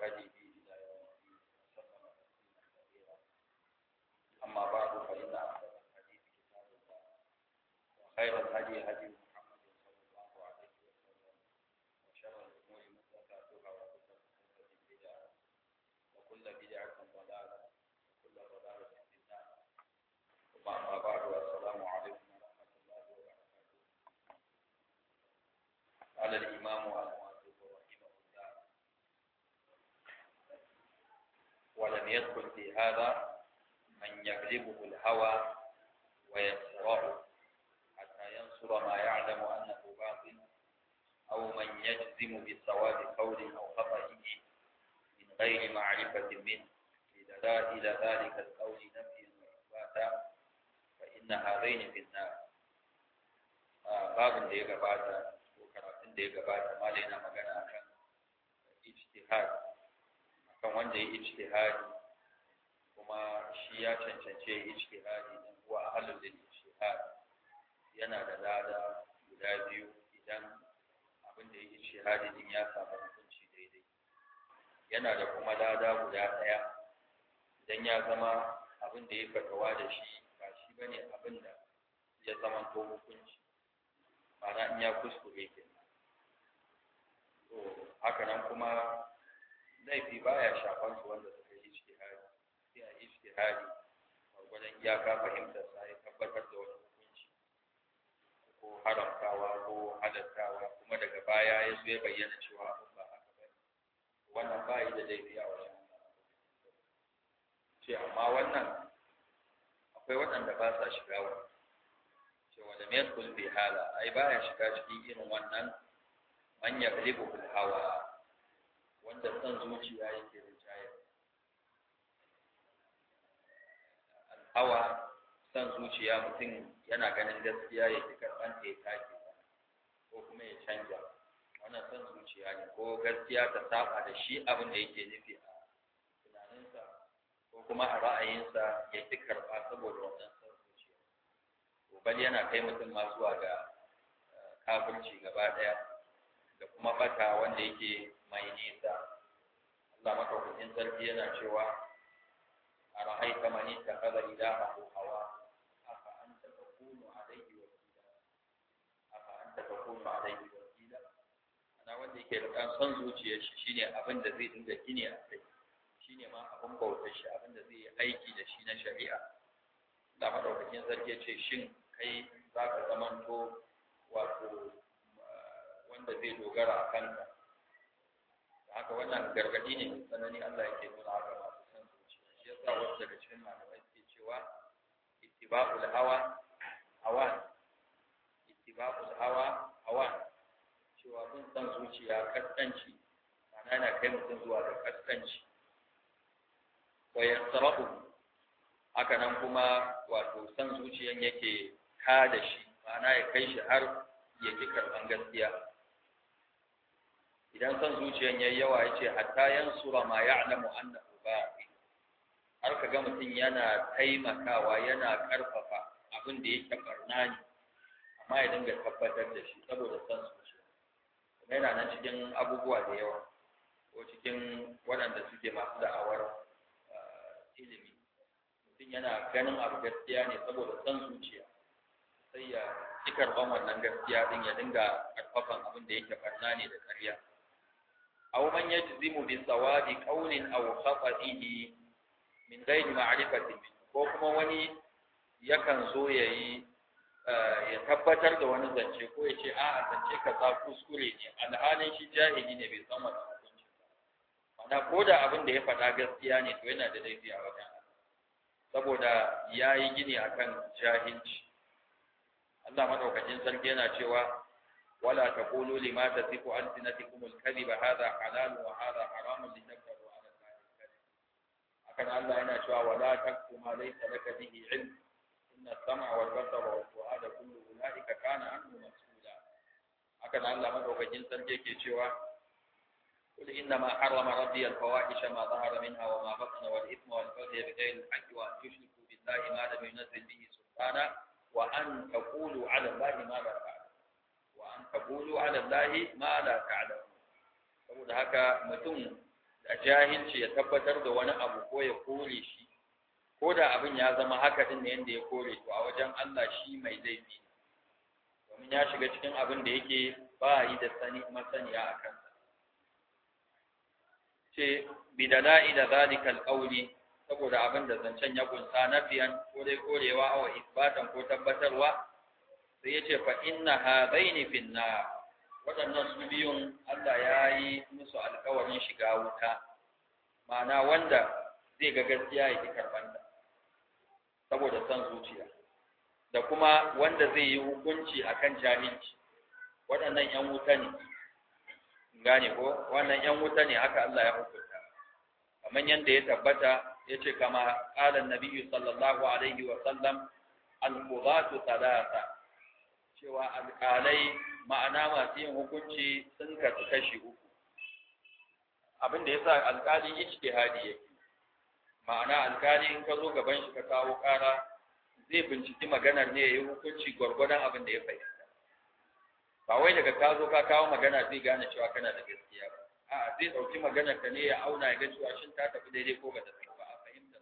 выходить. هذا من يغلبه الهوى ويسرعه حتى ينصر ما يعلم أنه باطل أو من يجزم بصواب قول أو خطئه من غير معرفة منه لدلائل ذلك القول نفي وإثباتا فإن هذين في النار آه، باب ديغا باتا gabata ديغا باتا ما لنا gabata malai اجتهاد magana وندي اجتهاد kuma shi ya cancance ijtihadi dan huwa ahlul lil ijtihad yana da lada guda biyu idan abin da ya ijtihadi din ya samu hukunci daidai yana da kuma lada guda ɗaya idan ya zama abin da ya fatawa da shi ba shi bane abin da ya zama to hukunci ma'ana in ya kuskure kenan to haka nan kuma laifi baya shafan su wanda ijtihadi gwargwadon iyaka fahimtar sa ya tabbatar da wani hukunci ko haramtawa ko halattawa kuma daga baya ya zo ya bayyana cewa abin ba haka ba wannan ba yi da laifi a wajen ce amma wannan akwai waɗanda ba sa shiga wani ce da mai kulbe hala ai ba ya shiga cikin irin wannan manyan ya hawa wanda son zuciya yake hawa san zuciya mutum yana ganin gaskiya ya ki karɓan ta ya take ko kuma ya canja wannan san zuciya ne ko gaskiya ta saba da shi abin da yake nufi a tunaninsa ko kuma a ra'ayinsa ya ki karɓa saboda wannan san zuciya bal yana kai mutum ma zuwa ga eh, kafirci gaba ɗaya da kuma bata wanda yake mai nisa Allah kuɗin sarki yana cewa أرأيت من اتخذ إلهه هواه أفأنت تكون عليه وكيلا أفأنت تكون عليه وكيلا أنا wanda yake rikan son zuciyar shi shine abin da zai dinga gini a kai shine ma abin bautar shi abin da zai yi aiki da shi na shari'a da madaukakin ya ce shin kai za ka zamanto wato wanda zai dogara a kanka haka wannan gargadi ne tsanani Allah ke nuna haka sa wasu daga cikin malamai ke cewa ittiba'ul hawa awan ittiba'ul hawa awan cewa bin san zuciya kaskanci ma'ana yana kai mutum zuwa ga kaskanci wa yasrahu haka nan kuma wato san zuciyan yake ka da shi ma'ana ya kai shi har ya ki karɓan gaskiya idan san zuciyan yayi yawa yace hatta yansura ma ya'lamu annahu ba'i har ka ga mutum yana taimakawa yana ƙarfafa abin da yake barna ne amma ya dinga tabbatar da shi saboda san su kuma yana nan cikin abubuwa da yawa ko cikin waɗanda suke masu da'awar eh, ilimi mutum yana ganin abu gaskiya ne saboda san zuciya sai ya ci karɓan wannan gaskiya din ya dinga ƙarfafan abin da yake barna ne da ƙarya أو من يجزم bi قول أو خطئه min gairi ma'rifatin ko kuma wani yakan zo ya yi eh, ya tabbatar da wani zance ko ya ce a a zance kaza kuskure ne alhalin shi jahili ne bai san wata hukunci ba ko da abin da ya faɗa gaskiya ne to yana da laifi a wajen saboda ya yi gini akan jahilci Allah maɗaukacin sarki yana cewa wala ta kulu lima kuma kadi ba hadha halalu wa hadha haramun haka Allah yana cewa wala taqfu ma laysa laka bihi ilm inna sam'a wal basara wal fu'ada kullu ulaika kana anhu mas'ula haka nan Allah madaukakin sarki yake cewa قل إنما حرم ربي الفواحش ما ظهر منها وما بطن والإثم والبغي بغير الحق وأن تشركوا بالله ما لم ينزل به سلطانا وأن تقولوا على الله ما لا تعلمون وأن تقولوا على الله ما saboda haka mutum a jahilci ya tabbatar da wani abu ko ya kore shi ko da abin ya zama haka din ne yanda ya kore to a wajen Allah shi mai laifi domin ya shiga cikin abin da yake ba yi da sani masaniya a kansa ce bi da zalikal qawli saboda abin da zancen ya kunsa nafiyan ko dai korewa awa isbatan ko tabbatarwa sai ya ce fa inna hadaini finnar waɗannan su biyun Allah ya yi musu alƙawarin shiga wuta ma'ana wanda zai ga gaskiya ya ki karɓanta saboda son zuciya da kuma wanda zai yi hukunci akan jahilci waɗannan ‘yan wuta ne gane ko Waɗannan ‘yan wuta ne haka Allah ya hukunta kamar yadda ya tabbata ya ce kama ƙalan nabiyyu sallallahu alaihi wa sallam al-qudatu cewa alƙalai ma'ana masu yin hukunci sun kasu kashi uku abin da sa alƙali ijtihadi yake ma'ana alƙali in ka zo gaban shi ka kawo ƙara zai binciki maganar ne ya yi hukunci gwargwadon abin da ya fahimta ba wai daga ka zo ka kawo magana zai gane cewa kana da gaskiya ba a'a zai ɗauki maganar ka ne ya auna ya ga cewa shin ta tafi daidai ko ba ta tafi ba a fahimta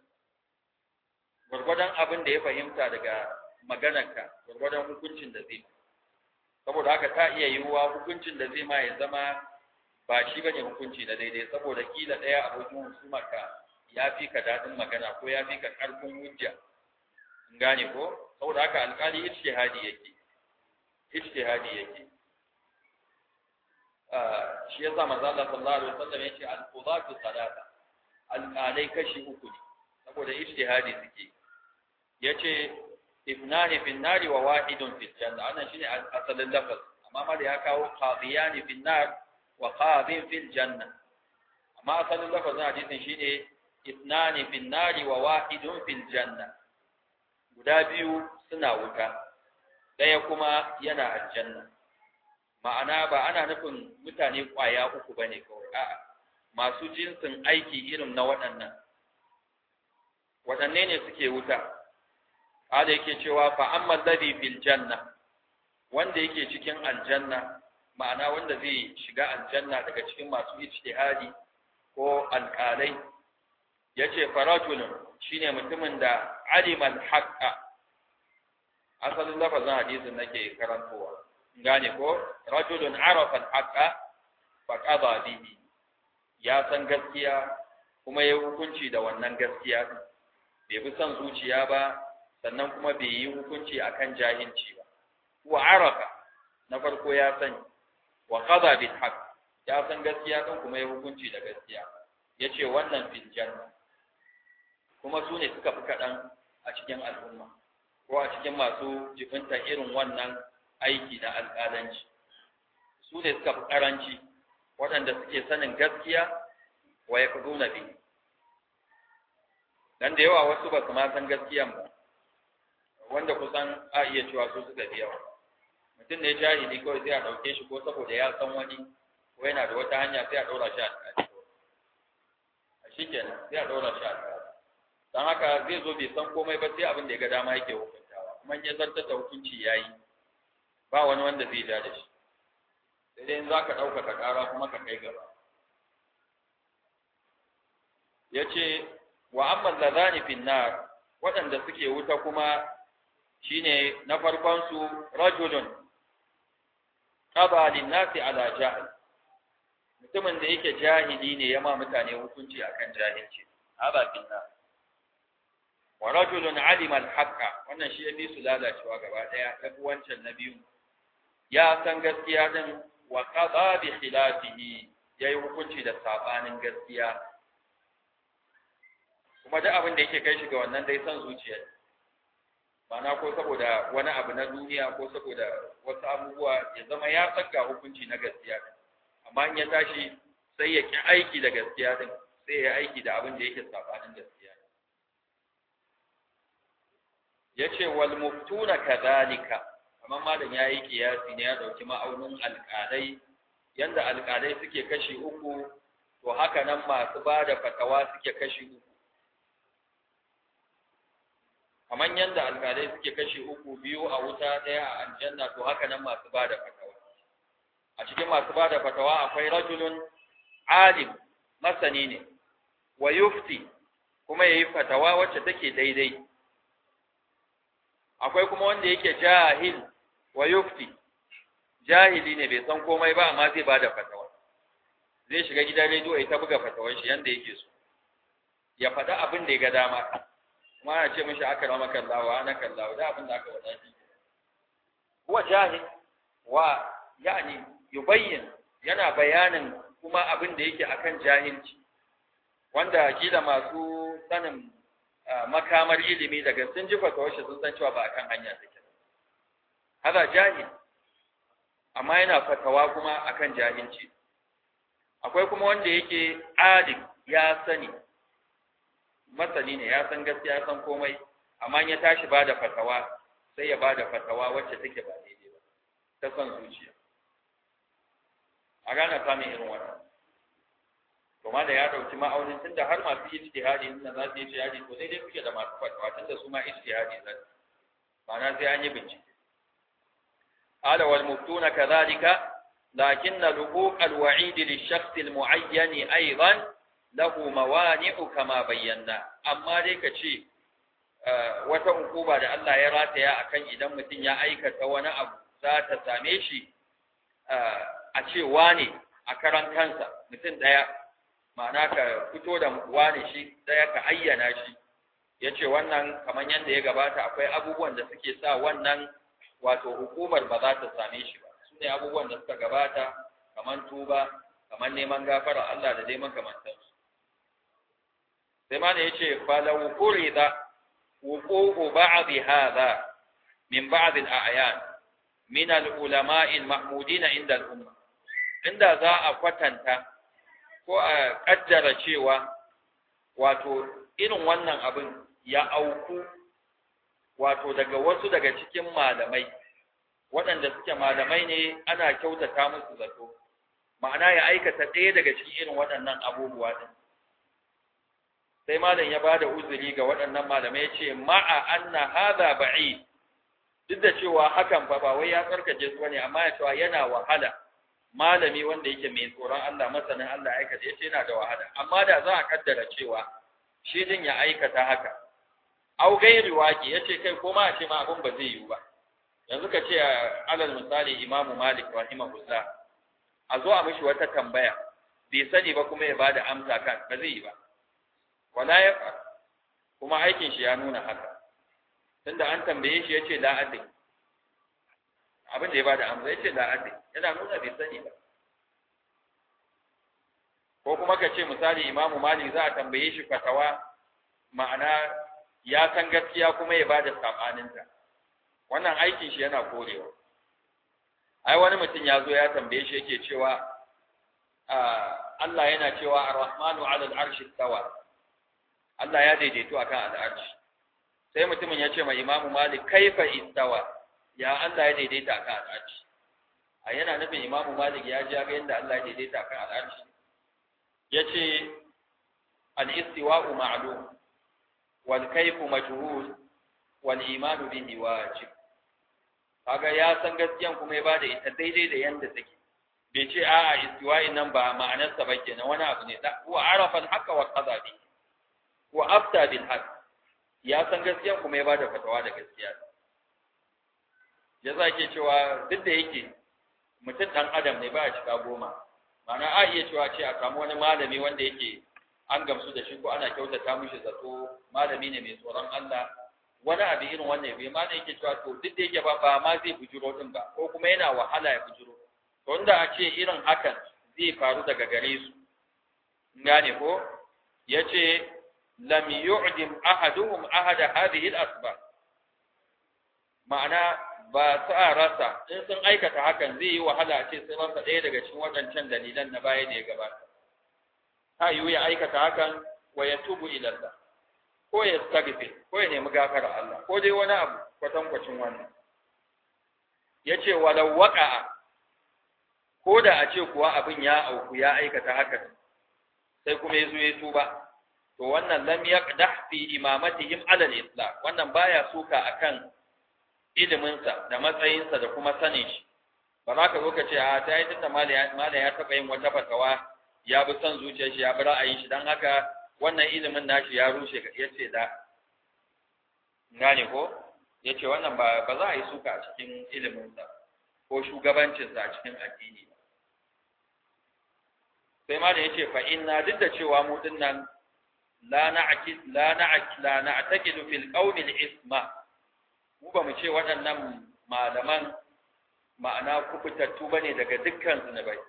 gwargwadon abin da ya fahimta daga maganarka gwargwadon hukuncin da zai saboda haka ta iya yiwuwa hukuncin da zai ma ya zama ba shi ba ne hukunci na daidai saboda kila ɗaya wajen husumar ka ya fi ka daɗin magana ko ya fi ka ƙarfin hujja in gane ko saboda haka alƙali ijtihadi yake ijtihadi yake ah, shi yasa manzo Allah sallallahu alaihi wasallam yace al-qudatu salata alƙalai kashi uku ne saboda ijtihadi suke yace ibnani fi nari wa wahidun fi janna wannan shine asalin lafaz amma ma da ya kawo qadiyani fi nar wa qadin fi janna amma asalin lafazin hadisin shine ibnani fi nari wa wahidun fi janna guda biyu suna wuta daya kuma yana aljanna ma'ana ba ana nufin mutane kwaya uku bane kawai a'a masu jinsin aiki irin na waɗannan waɗanne ne suke wuta kada yake cewa fa amma ladhi fil janna wanda yake cikin aljanna ma'ana wanda zai shiga aljanna daga cikin masu ijtihadi ko alƙalai yace farajul shine mutumin da alima al asalin lafazin hadisin nake karantowa gane ko rajulun arafa al fa qada bihi ya san gaskiya kuma ya hukunci da wannan gaskiya bai bi son zuciya ba sannan kuma bai yi hukunci akan jahilci ba wa arafa na farko ya sani wa qada bil haqq ya san gaskiya kan kuma ya hukunci da gaskiya yace wannan fil janna kuma su ne suka fi kaɗan a cikin al'umma ko a cikin masu jibinta irin wannan aiki na alƙalanci su ne suka fi ƙaranci waɗanda suke sanin gaskiya wa ya fi nuna bi dan da yawa wasu ba su ma san gaskiyan ba wanda kusan a iya cewa su suka fi yawa mutum ne jahili kawai sai a ɗauke shi ko saboda ya san wani ko yana da wata hanya sai a ɗora shi a tsari a shi kenan sai a ɗora shi a tsari don haka zai zo bai san komai ba sai abin da ya ga dama yake hukuntawa kuma in ya zartar da hukunci ya yi ba wani wanda zai ja da shi sai dai in za ka ɗaukaka ƙara kuma ka kai gaba ya ce wa amma lazani finnar waɗanda suke wuta kuma shine na farkon su rajulun qaba nasi ala jahil mutumin da yake jahili ne yama mutane hukunci akan jahilci haba finna wa rajulun alim alhaqqa wannan shi yafi su lalacewa gaba daya ta wancan na biyu ya san gaskiya din wa qada bi khilafihi yayi hukunci da sabanin gaskiya kuma da abin da yake kai shi ga wannan dai san zuciyarsa ma'ana ko saboda wani abu na duniya ko saboda wasu abubuwa ya zama ya tsaka hukunci na gaskiya amma in ya tashi sai ya ki aiki da gaskiya din sai ya aiki da abin da yake sabanin gaskiya yace wal muftuna kadhalika kamar malam ya yi kiyasi ne ya ɗauki ma'aunin alƙalai yanda alƙalai suke kashi uku to haka nan masu ba da fatawa suke kashi uku kamar yadda alkalai suke kashe uku biyu a wuta ɗaya a aljanna to haka nan masu ba da fatawa a cikin masu ba da fatawa akwai rajulun alim masani ne wa yufti kuma yayi fatawa wacce take daidai akwai kuma wanda yake jahil wa yufti jahili ne bai san komai ba amma zai bada fatawa zai shiga gidan rediyo ya ta buga fatawar shi yanda yake so ya faɗa abin da ya ga dama kuma ana ce mishi aka rama wa ana kallawa da abin da aka wada shi huwa jahil wa yani yubayyin yana bayanin kuma abin da yake akan jahilci wanda kila masu sanin makamar ilimi daga sun ji fatawar sun san cewa ba akan hanya take hada jahil amma yana fatawa kuma akan jahilci akwai kuma wanda yake adil ya sani masani ne ya san gaskiya san komai amma ya tashi ba da fatawa sai ya ba da fatawa wacce take ba daidai ba ta son zuciya a gane samun irin wannan kuma da ya dauki ma'aunin tunda har masu ijtihadi in nan za su yi ijtihadi to daidai kuke da masu fatawa tunda su ma ijtihadi za su ma'ana sai an yi bincike muftuna قال والمفتون كذلك لكن لقوء الوعيد للشخص المعين أيضا lahu mawani'u kama bayyana amma dai ka ce ah, wata hukuma da Allah ya rataya akan idan mutum ya aikata wani abu za ta same shi ah, a ce wane a karan kansa mutum ɗaya ma'ana ka fito da wane shi ɗaya ka ayyana shi ya ce wannan kamar yadda ya gabata akwai abubuwan da suke sa wannan wato hukumar ba za ta same shi ba su ne abubuwan da suka gabata kamar tuba kamar neman gafara Allah da dai makamantansu sai ma da yace ba qurida wuqu'u ha za min ba'd a ayan min al’ulama in ma’udi na inda al’umma inda za a kwatanta ko a kaddara cewa wato irin wannan abin ya auku wato daga wasu daga cikin malamai waɗanda suke malamai ne ana kyautata musu zato ma'ana ya aikata ɗaya daga cikin irin waɗannan abubuwa ɗin sai malam ya bada uzuri ga waɗannan malamai yace ce ma'a anna hadha ba'id duk da cewa hakan fa ba wai ya tsarkake su bane amma ya cewa yana wahala malami wanda yake mai tsoron Allah masanin Allah aikata yace yana da wahala amma da za a kaddara cewa shi din ya aikata haka au gairi waki yace kai ko ma a ce ma abun ba zai yiwu ba yanzu ka ce alal misali imamu malik rahimahullah a zo a mishi wata tambaya bai sani ba kuma ya bada amsa kan ba zai yi ba wala yaf'al kuma aikin shi ya nuna haka tunda an tambaye shi yace la adri abin da ya bada amsa yace la adri yana nuna bai sani ba ko kuma ka ce misali imamu malik za a tambaye shi fatawa ma'ana ya san gaskiya kuma ya bada sabaninta wannan aikin shi yana korewa ai wani mutum ya zo ya tambaye shi yake cewa ah, Allah yana cewa ar-rahmanu 'ala al-arshi Tawa. Allah ya daidaito akan al'arshi sai mutumin ya ce ma imamu malik kaifa istawa ya Allah ya daidaita akan al'arshi a yana nufin imamu malik ya ji ga yadda Allah ya daidaita akan al'arshi yace al-istiwa'u ma'lum wal kayfu majhul wal imanu bihi wajib kaga ya san gaskiyan kuma ya bada ita daidai da yanda take bai ce a'a istiwa'i nan ba ma'anarsa ba kenan wani abu ne da wa arafan haka wa kaza bihi wa afta bil haq ya san gaskiya kuma ya bada fatawa da gaskiya yasa yake cewa duk da yake mutum dan adam ne ba ya cika goma ma'ana a iya cewa ce a samu wani malami wanda yake an gamsu da shi ko ana kyautata mishi zato malami ne mai tsoron Allah wani abu irin wannan bai ma yake cewa to duk da yake ba ba ma zai bujuro din ba ko kuma yana wahala ya bujuro to inda a ce irin hakan zai faru daga gare su gane ko yace lam yu'dim ahaduhum ahada hadhihi al-asbab ma'ana ba sa rasa in sun aikata hakan zai yi wahala a ce sai rasa ɗaya daga cikin waɗancan dalilan na baya ne ya gabata ta yiwu ya aikata hakan wa ya tubu ilallah ko ya tagfe ko ya nemi gafara Allah ko dai wani abu kwacin wannan ya ce walau waƙa'a ko da a ce kuwa abin ya auku ya aikata hakan sai kuma ya zo ya tuba to wannan lam yaqdah fi imamatihim ala al-islam wannan baya suka akan iliminsa da matsayinsa da kuma sanin shi ba za ka zo ka ce a ta yi tunda Malama ya taɓa yin wata fatawa ya bi son zuciyar shi ya bi ra'ayin shi don haka wannan ilimin nashi ya rushe ya ce da gane ko ya ce wannan ba za a yi suka a cikin iliminsa ko shugabancinsa a cikin addini ba sai malam ya ce fa inna duk da cewa mu dinnan la na'kid la na'kid la na'takid fil qawmi isma mu ba mu ce waɗannan malaman ma'ana kubutattu ne daga dukkan zunubai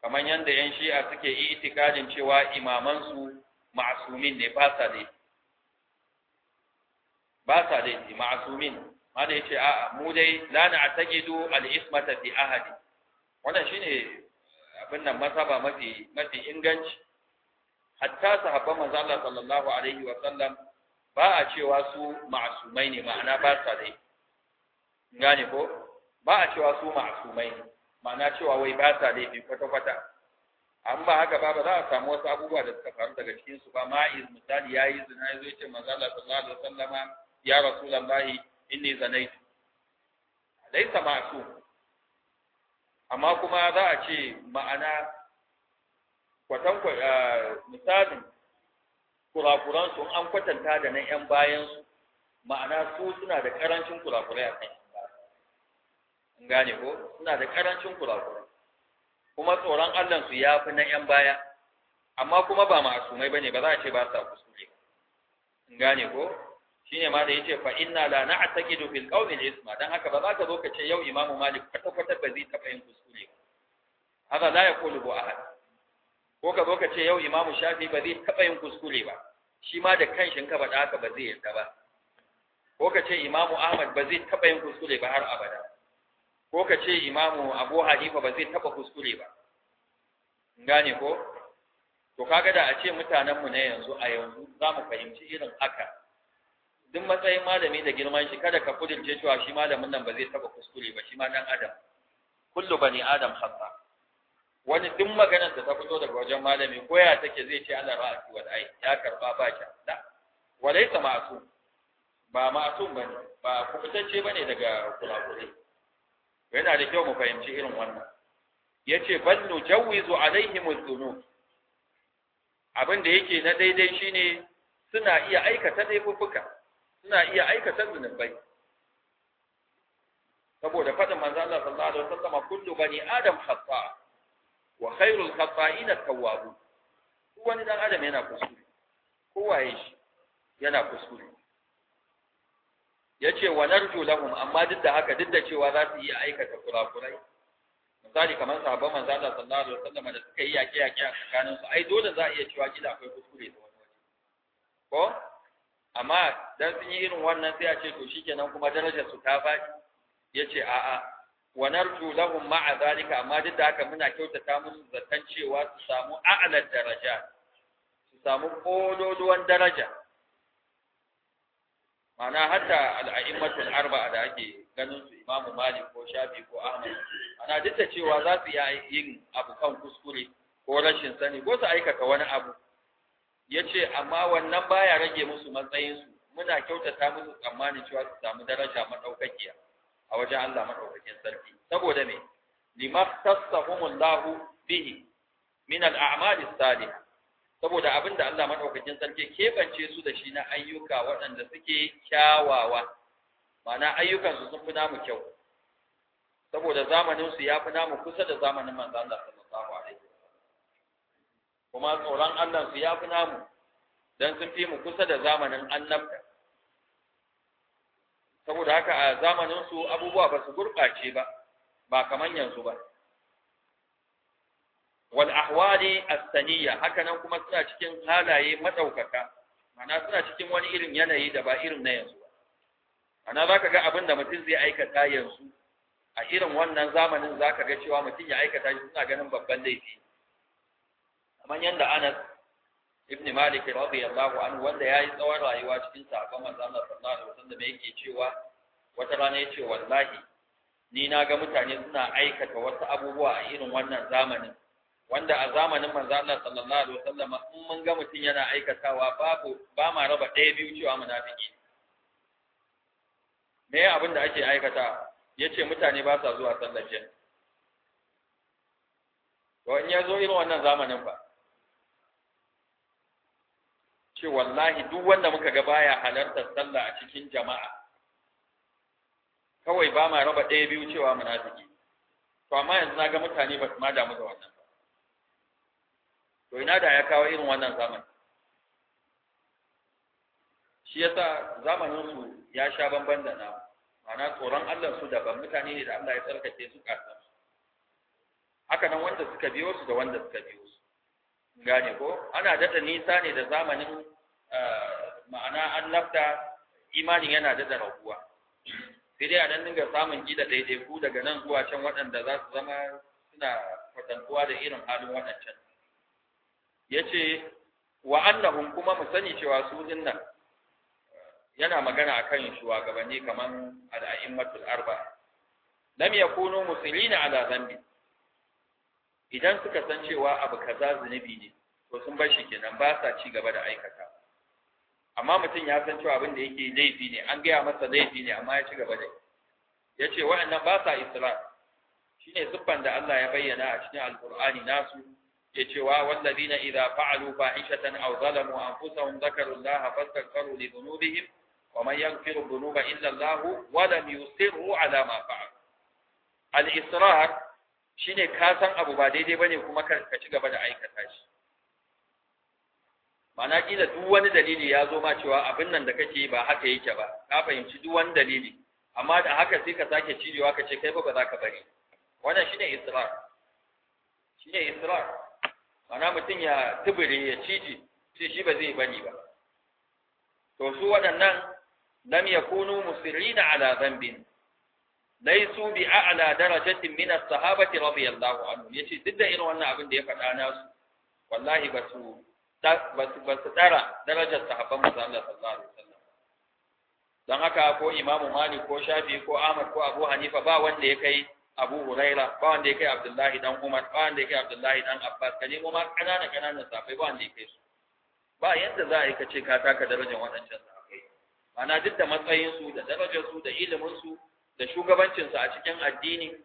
kamar yadda yan shi'a suke itikadin cewa imamansu ma'asumin ne ba sa dai ba sa dai ma'asumin ma da yace a'a mu dai la na'taqidu al-ismata fi ahadi wannan shine abin nan masaba mafi mafi inganci hatta sahabban manzo Allah sallallahu alaihi wa sallam ba a cewa su ma'asumai ne ma'ana ba sa dai gane ko ba a cewa su ma'sumai ne ma'ana cewa wai ba sa bi kwata kwata an ba haka ba ba za a samu wasu abubuwa da suka faru daga cikin su ba ma'iz misali yayi zina yazo yace manzo Allah sallallahu alaihi wa sallam ya rasulullahi inni zanaitu laisa ma'sum amma kuma za a ce ma'ana kwatanko eh, misalin kurakuran su an kwatanta da na yan bayan su ma'ana su suna da karancin kurakurai a kan in gane ko suna da karancin kurakurai kuma tsoron Allah su ya fi na yan baya amma kuma ba ma'asumai bane ba za a ce ba sa kuskure in gane ko shine ma da yace fa inna la na'taqidu fil qawli al isma dan haka ba za ka zo ka ce yau imamu malik kwata kwata ba zai taba yin kuskure haka la yaqulu ahad ko ka zo ka ce yau imamu shafi ba zai taɓa yin kuskure ba shi ma da kanshin ka faɗa haka ba zai yarda ba ko ka ce imamu ahmad ba zai taɓa yin kuskure ba har abada ko ka ce imamu abu hanifa ba zai taɓa kuskure ba gane ko to kaga da a ce mutanenmu na yanzu a yanzu za mu fahimci irin haka duk matsayin malami da girman shi kada ka kudin cewa shi malamin nan ba zai taɓa kuskure ba shi ma dan adam kullu bani adam khata wani duk maganar da ta fito daga wajen malami ko ya take zai ce ana ra'asi wal ai ya karba ba ki da walaysa ma'sum ba ma'sum bane ba fitacce bane daga kulakulai yana da kyau mu fahimci irin wannan yace bal nujawwizu alaihim adh-dhunub abin da yake na daidai shine suna iya aikata laifuffuka suna iya aikata zunubai saboda faɗin manzo Allah sallallahu alaihi wasallam kullu bani adam khata'a wa khairul khata'ina tawwabu duk wani dan adam yana kuskure waye shi yana kuskure yace wa narju lahum amma duk da haka duk da cewa za su yi aikata kurakurai misali kamar sahabban manzo Allah sallallahu alaihi wasallam da suka yi yaƙe yaƙe a tsakanin su ai dole za a iya cewa kila akwai kuskure da wani waje ko amma dan sun yi irin wannan sai a ce to shikenan kuma darajar su ta faɗi yace a'a wa narju lahum ma'a zalika amma duk da haka muna kyautata musu zaton cewa su samu a'la daraja su samu kododuwan daraja ma'ana hatta al'a'immatul arba'a da ake ganin su imamu malik ko shafi ko ahmad ana duk da cewa za su yin abu kan kuskure ko rashin sani ko su aikata wani abu yace amma wannan baya rage musu matsayinsu muna kyautata musu tsammanin cewa su samu daraja madaukakiya a wajen Allah madaukakin sarki saboda me limakhtasahumullahu bihi min as-salih saboda abinda Allah madaukakin sarki kebance su da shi na ayyuka waɗanda suke kyawawa ma'ana ayyukan su sun fi namu kyau saboda zamanin su ya fi namu kusa da zamanin manzo Allah sallallahu alaihi kuma tsoron Allah su ya fi namu dan sun fi mu kusa da zamanin annabta saboda haka a zamanin su abubuwa ba su gurɓace ba ba kaman yanzu ba wal ahwali as-saniyya haka nan kuma suna cikin halaye madaukaka ma'ana suna cikin wani irin yanayi da ba irin na yanzu ba ana zaka ga abinda da mutum zai aikata yanzu a irin wannan zamanin zaka ga cewa mutum ya aikata shi suna ganin babban laifi kamar yanda Anas ibn malik radiyallahu anhu wanda yayi tsawon rayuwa cikin sahabban manzo Allah sallallahu alaihi wasallam yake cewa wata rana yace wallahi ni na ga mutane suna aikata wasu abubuwa a irin wannan zamanin wanda a zamanin manzo Allah sallallahu alaihi wasallam in mun ga mutum yana aikatawa babu ba ma raba ɗaya biyu cewa munafiki me abin da ake aikata yace mutane ba sa zuwa sallar jami'a to in ya zo irin wannan zamanin ba ce wallahi duk wanda muka ga baya halartar sallah a cikin jama'a kawai ba ma raba ɗaya biyu cewa munafiki to amma yanzu na ga mutane ba su ma damu da wannan ba to ina da ya kawo irin wannan zamani shi yasa zamanin su ya sha bamban da namu ma'ana tsoron Allah su daban mutane ne da Allah ya tsarkake su kasan haka nan wanda suka biyo su da wanda suka biyo su gane ko ana dada nisa ne da zamanin eh, ma'ana an lafta imanin yana dada raguwa sai dai a nan dinga samun gida ku daga nan zuwa can waɗanda za su zama suna kwatantuwa da irin halin waɗancan ya ce wa annahum kuma mu sani cewa su dinnan yana magana akan shugabanni kaman al'a'immatul arba lam yakunu muslimina ala dhanbi idan suka san cewa abu kaza zunubi ne to sun bar shi kenan ba sa ci gaba da aikata amma mutum ya san cewa abin da yake laifi ne an gaya masa laifi ne amma ya ci gaba da ya ce wa'annan ba sa islam shine siffan da Allah ya bayyana a cikin alqur'ani nasu ya ce wa wallazina idza fa'alu fahishatan aw zalamu anfusahum dhakaru Allah fastaghfiru li dhunubihim wa man yaghfiru dhunuba illa Allah wa lam yusirru ala ma fa'al al-israr shine ka san abu ba daidai bane kuma ka ci gaba da aikata shi mana kila duk wani dalili ya zo ma cewa abin nan da kake ba haka yake ba ka fahimci duk wani dalili amma da haka sai ka sake cirewa ka ce kai ba ba za ka bari wannan shine israr shine israr mana mutum ya tubure ya cije sai shi ba zai bari ba to su waɗannan lam yakunu musirrina ala dhanbin laisu bi a'la darajatin min as-sahabati radiyallahu anhu yace duk da irin wannan abin da ya faɗa nasu wallahi ba su ba su tara darajar sahabban manzo Allah sallallahu alaihi wasallam dan haka ko Imamu Malik ko Shafi ko Ahmad ko Abu Hanifa ba wanda ya kai Abu Huraira ba wanda ya kai Abdullahi dan Umar ba wanda ya kai Abdullahi dan Abbas ka nemo ma kanana kanana sahabbai ba wanda ya kai su ba yadda za a yi ka ce ka taka darajar waɗancan sahabbai ma'ana duk da matsayin su da darajar su da ilimin su da shugabancinsa a cikin addini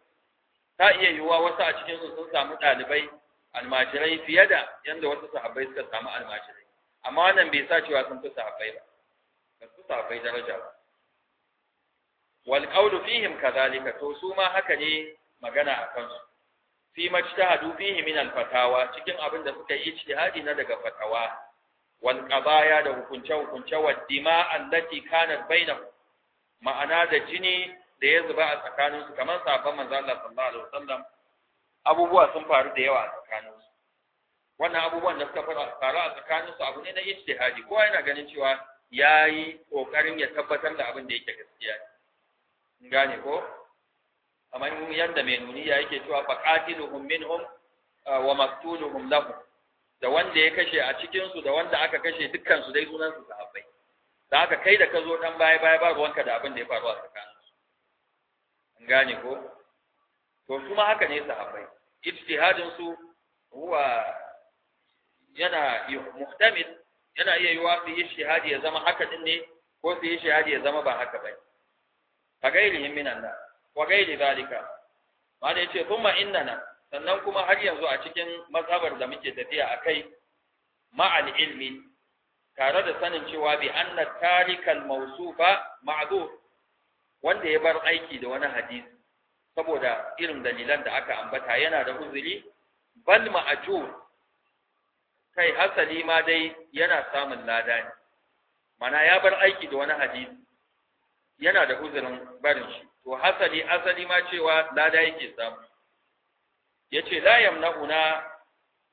ta iya yiwuwa wasu a cikin sun samu ɗalibai almajirai fiye da yadda wasu sahabbai suka samu almajirai amma wannan bai sa cewa sun fi sahabbai ba ba su sahabbai daraja ba wal qawlu fihim kadhalika to su ma haka ne magana a kansu fi majtahadu fihi min al fatawa cikin abin da suka yi ijtihadi na daga fatawa wal qabaya da hukunce hukunce wa dima allati kanat bainahu ma'ana da jini da ya zuba a tsakaninsu kamar sahabban manzo Allah sallallahu alaihi wasallam abubuwa sun faru da yawa a tsakaninsu wannan abubuwan da suka faru a tsakaninsu abu ne na ijtihadi kowa yana ganin cewa ya yi ƙoƙarin ya tabbatar da abin da yake gaskiya in gane ko amma in yanda mai ya yake cewa faqatiluhum minhum uh, wa maqtuluhum lahum da wanda ya kashe a cikinsu da wanda aka kashe dukkan su dai sunan su sahabbai da aka kai da ka zo dan baya baya ba ruwanka da abin da ya faru a tsakaninsu gane ko to kuma haka ne sahabbai ijtihadin su huwa yana muhtamil yana iya yiwa su yi shahadi ya zama haka din ne ko su yi ya zama ba haka bane fa gairi, minan nas wa gairi zalika ma da yace thumma innana sannan kuma har yanzu a cikin mazhabar da muke tafiya a kai ma'al ilmi tare da sanin cewa bi anna tarikal mawsufa ma'dhur wanda ya bar aiki da wani hadisi saboda irin dalilan da aka ambata yana da uzuri bal ma'ajur kai hasali ma dai yana samun lada ne mana ya bar aiki da wani hadisi yana da uzurin barin shi to hasali asali ma cewa lada yake samu yace la yamna'una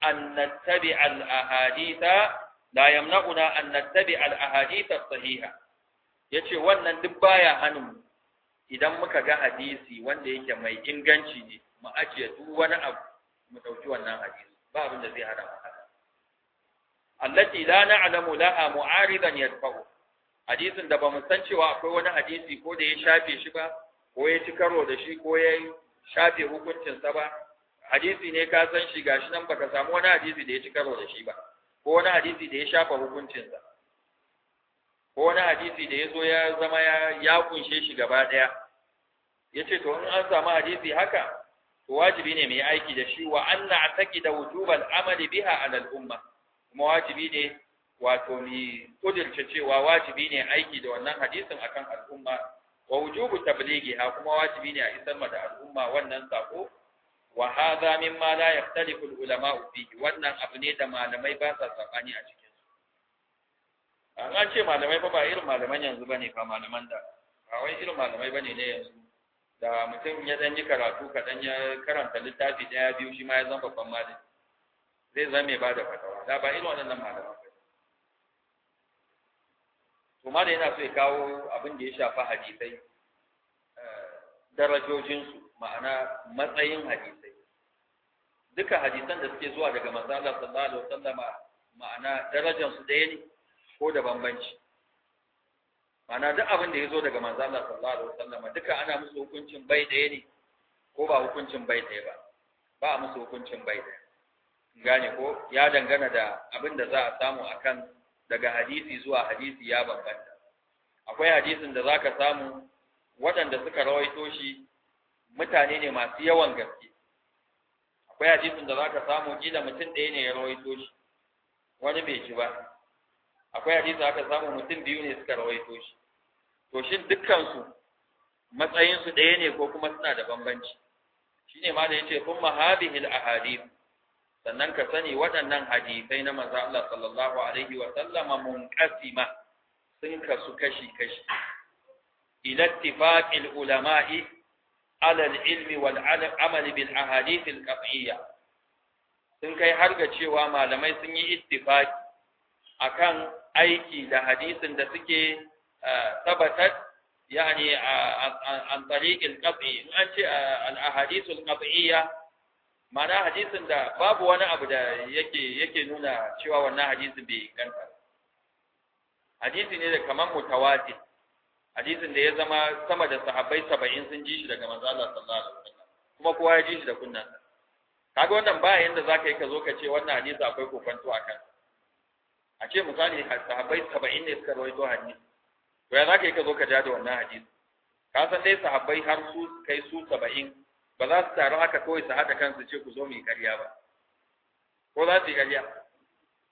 an nattabi al-ahaditha la yamna'una an nattabi al-ahaditha sahiha yace wannan duk baya hanin idan muka ga hadisi wanda yake mai inganci ne mu ajiye duk wani abu mu ɗauki wannan hadisi ba abin da zai hada mu haka allati la na'lamu la mu'aridan yadfa'u hadisin da bamu san cewa akwai wani hadisi ko da ya shafe shi ba ko ya ci karo da shi ko ya shafe hukuncin sa ba hadisi ne ka san shi gashi nan baka samu wani hadisi da ya ci karo da shi ba ko wani hadisi da ya shafa hukuncin sa ko wani hadisi da ya zo ya zama ya kunshe shi gaba ɗaya ya ce to in an samu hadisi haka to wajibi ne mai aiki da shi wa an na'taki da wujubal amali biha alal umma kuma wajibi ne wato mi kudirce cewa wajibi ne aiki da wannan hadisin akan al'umma wa wujubu ha kuma wajibi ne a isar da al'umma wannan sako wa hadha mimma la al ulama fihi wannan abu ne da malamai ba sa sabani a ciki an an ce malamai fa ba irin malaman yanzu bane fa malaman da ba wai irin malamai bane ne yanzu da mutum ya dan yi karatu kaɗan ya karanta littafi ɗaya biyu shi ma ya zama babban malami zai zama mai ba da fatawa da ba irin waɗannan malaman ba to ma da yana so ya kawo abin da ya shafi hadisai eh, darajojinsu ma'ana matsayin hadisai duka hadisan da suke zuwa daga manzo Allah sallallahu alaihi wasallama ma'ana darajar su ɗaya ne ko da bambanci ma'ana duk abin da ya zo daga manzo Allah sallallahu alaihi wasallam duka ana musu hukuncin bai ɗaya ne ko ba hukuncin bai ɗaya ba ba a musu hukuncin bai ɗaya gane ko ya dangana da abin da za a samu akan daga hadisi zuwa hadisi ya bambanta akwai hadisin da zaka samu waɗanda suka rawaito shi mutane ne masu yawan gaske akwai hadisin da zaka samu kila mutum ɗaya ne ya rawaito shi wani bai ji ba akwai hadisi aka samu mutum biyu ne suka rawaito shi to shin dukkansu matsayinsu ɗaya ne ko kuma suna da bambanci shine ma da yace kuma hadihil ahadith sannan ka sani waɗannan hadisai na manzo Allah sallallahu alaihi wa sallama munqasima sun kasu kashi kashi ila ittifaqil ulama'i ala al-ilmi wal amal bil ahadith al sun kai har ga cewa malamai sun yi ittifaqi akan aiki da hadisin da suke tabbatar yani an tariqil qat'i in an ce al ahadithul qat'iyya ma'ana hadisin da babu wani abu da yake yake nuna cewa wannan hadisin bai inganta hadisi ne da kaman mutawatir hadisin da ya zama sama da sahabbai 70 sun ji shi daga manzo Allah sallallahu alaihi wasallam kuma kowa ya ji shi da kunnan kaga wannan ba yanda zaka yi ka zo ka ce wannan hadisi akwai kokonto akan a ce misali sahabbai saba'in ne suka rawaito hadisi to ya ka yi ka zo ka ja da wannan hadisi ka san dai sahabbai har su kai su saba'in ba za su taru haka kawai su haɗa kansu ce ku zo mu yi ƙarya ba ko za su yi ƙarya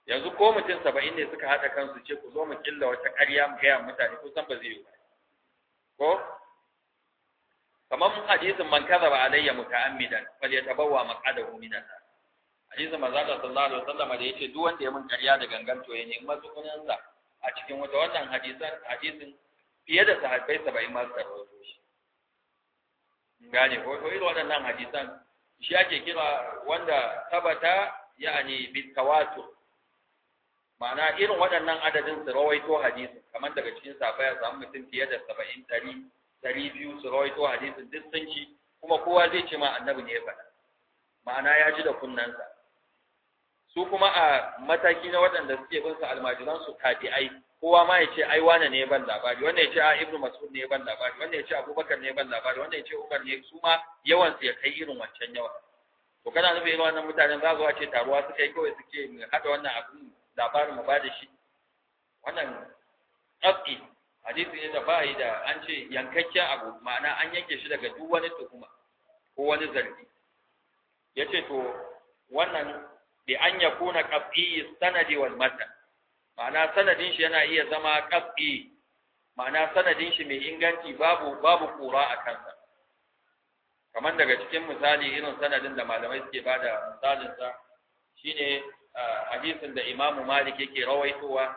yanzu ko mutum saba'in ne suka haɗa kansu ce ku zo mu killa wata ƙarya mu gaya mutane kusan ba zai yi ba ko kamar hadisin man kaza ba alayya muta'ammidan yatabawwa maq'adahu minan hadisin manzo Allah sallallahu alaihi wasallam da yake duk wanda ya mun ƙarya da gangan to ya nemi matsugunin a cikin wata wannan hadisan hadisin fiye da sahabbai 70 ma suka rawaito shi gane ko to irin waɗannan hadisan shi ake kira wanda tabata ya'ani bit tawatur ma'ana irin waɗannan adadin su rawaito hadisin kamar daga cikin sahabbai ya samu mutum fiye da saba'in ɗari dari biyu su rawaito hadisin duk sun ci kuma kowa zai ce ma annabi ne ya faɗa ma'ana ya ji da kunnensa su kuma a mataki na waɗanda suke bin su almajiran su tabi'ai kowa ma ya ce ai wane ne ban labari wannan ya ce a ibnu mas'ud ne ban labari wannan ya ce abubakar ne ban labari wannan ya ce umar ne su ma yawan su ya kai irin wancan yawa to kana nufin irin wannan mutanen za su ce taruwa suka yi kawai suke mu haɗa wannan abin labarin mu bada shi wannan tsatsi hadisi ne da ba yi da an ce yankakken abu ma'ana an yanke shi daga duk wani tuhuma ko wani zargi ya ce to wannan bi an yakuna qaf'i sanadi wal matan ma'ana sanadin shi yana iya zama qaf'i ma'ana sanadin shi mai inganci babu babu kura a kansa kamar daga cikin misali irin sanadin da malamai suke bada misalin sa shine hadisin da Imam Malik yake rawaitowa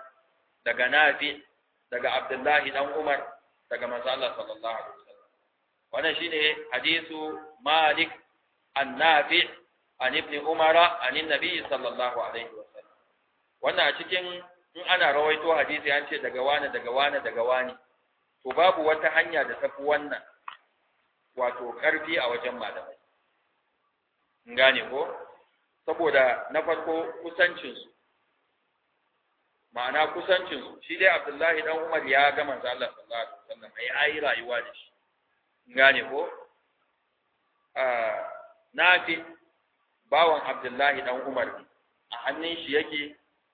daga Nafi daga Abdullahi dan Umar daga manzo Allah sallallahu alaihi wasallam wannan shine hadisu Malik an-Nafi' an ibn Umar an nabi sallallahu alaihi wasallam wannan a cikin in ana rawaito hadisi an ce daga wani daga wani daga wani to babu wata hanya da tafi wannan wato karfi a wajen malamai in gane ko saboda na farko kusancinsu ma'ana kusancinsu shi dai abdullahi dan umar ya ga manzo Allah sallallahu alaihi wasallam ai ai rayuwa da shi in gane ko nafi bawan Abdullahi dan Umar a hannun shi yake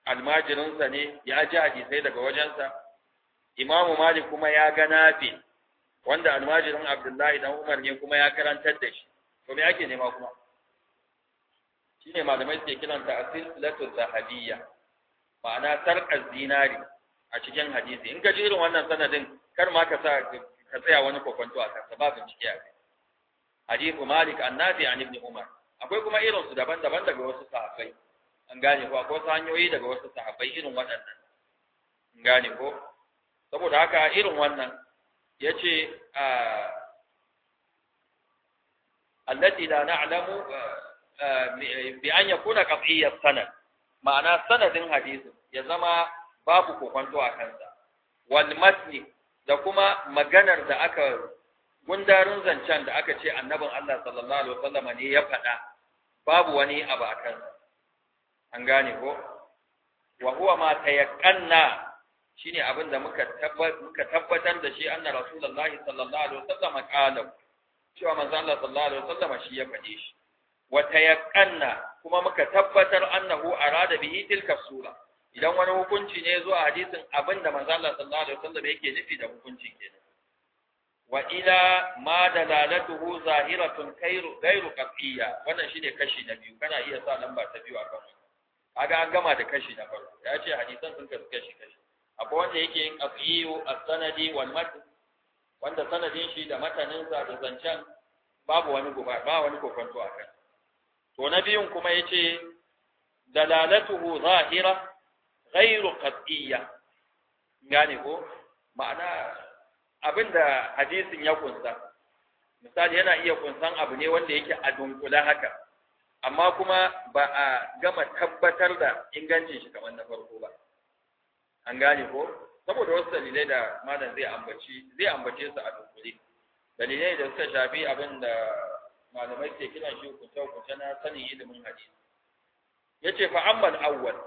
almajirinsa ne ya ji hadisai daga wajensa Imamu Malik kuma ya ga Nafi wanda almajirin Abdullahi dan Umar ne kuma ya karantar da shi to me ake nema kuma ne malamai suke kiranta as-silsilatul zahabiyya ma'ana sarƙar zinari a cikin hadisi in ka ji irin wannan sanadin kar ma ka sa ka tsaya wani kokonto a kansa ba bincike a kai hadithu malik annabi an ibn umar akwai kuma irin su daban-daban daga wasu sahabbai an gane ko akwai wasu hanyoyi daga wasu sahabbai irin waɗannan an gane ko saboda haka irin wannan ya ce allati la na'lamu bi an yakuna qat'iyyat sanad ma'ana sanadin hadisin ya zama babu kokonto a kansa wal matni da kuma maganar da aka darin zancen da aka ce annabin Allah sallallahu alaihi wasallam ne ya faɗa babu wani abu a kansa an gane ko wa huwa ma tayaqqanna shine abin da muka muka tabbatar da shi anna rasulullahi sallallahu alaihi wasallam qala cewa manzo Allah sallallahu alaihi wasallam shi ya faɗe shi wa tayaqqanna kuma muka tabbatar annahu arada bihi tilka sura idan wani hukunci ne zuwa hadisin abin da manzo Allah sallallahu alaihi wasallam yake nufi da hukuncin kenan wa ila ma dalalatuhu zahiratun kairu gairu qat'iyya wannan shine kashi na biyu kana iya sa lamba ta biyu akan kaga an gama da kashi na farko ya ce hadisan sun kasu kashi kashi akwai wanda yake yin qat'iyyu as-sanadi wal matn wanda sanadin shi da matanin sa da zancen babu wani guba ba wani kokonto akan to na biyun kuma yace dalalatuhu zahira gairu qat'iyya gane ko ma'ana abin da hadisin ya kunsa misali yana iya kunsan abu ne wanda yake a dunkula haka amma kuma ba a gama tabbatar da ingancin shi kamar na farko ba an gane ko saboda wasu dalilai da malam zai ambaci zai ambace su a dunkule dalilai da suka shafi abin da malamai ke kiran shi hukunce hukunce na sanin ilimin hadisi yace fa ammal awwal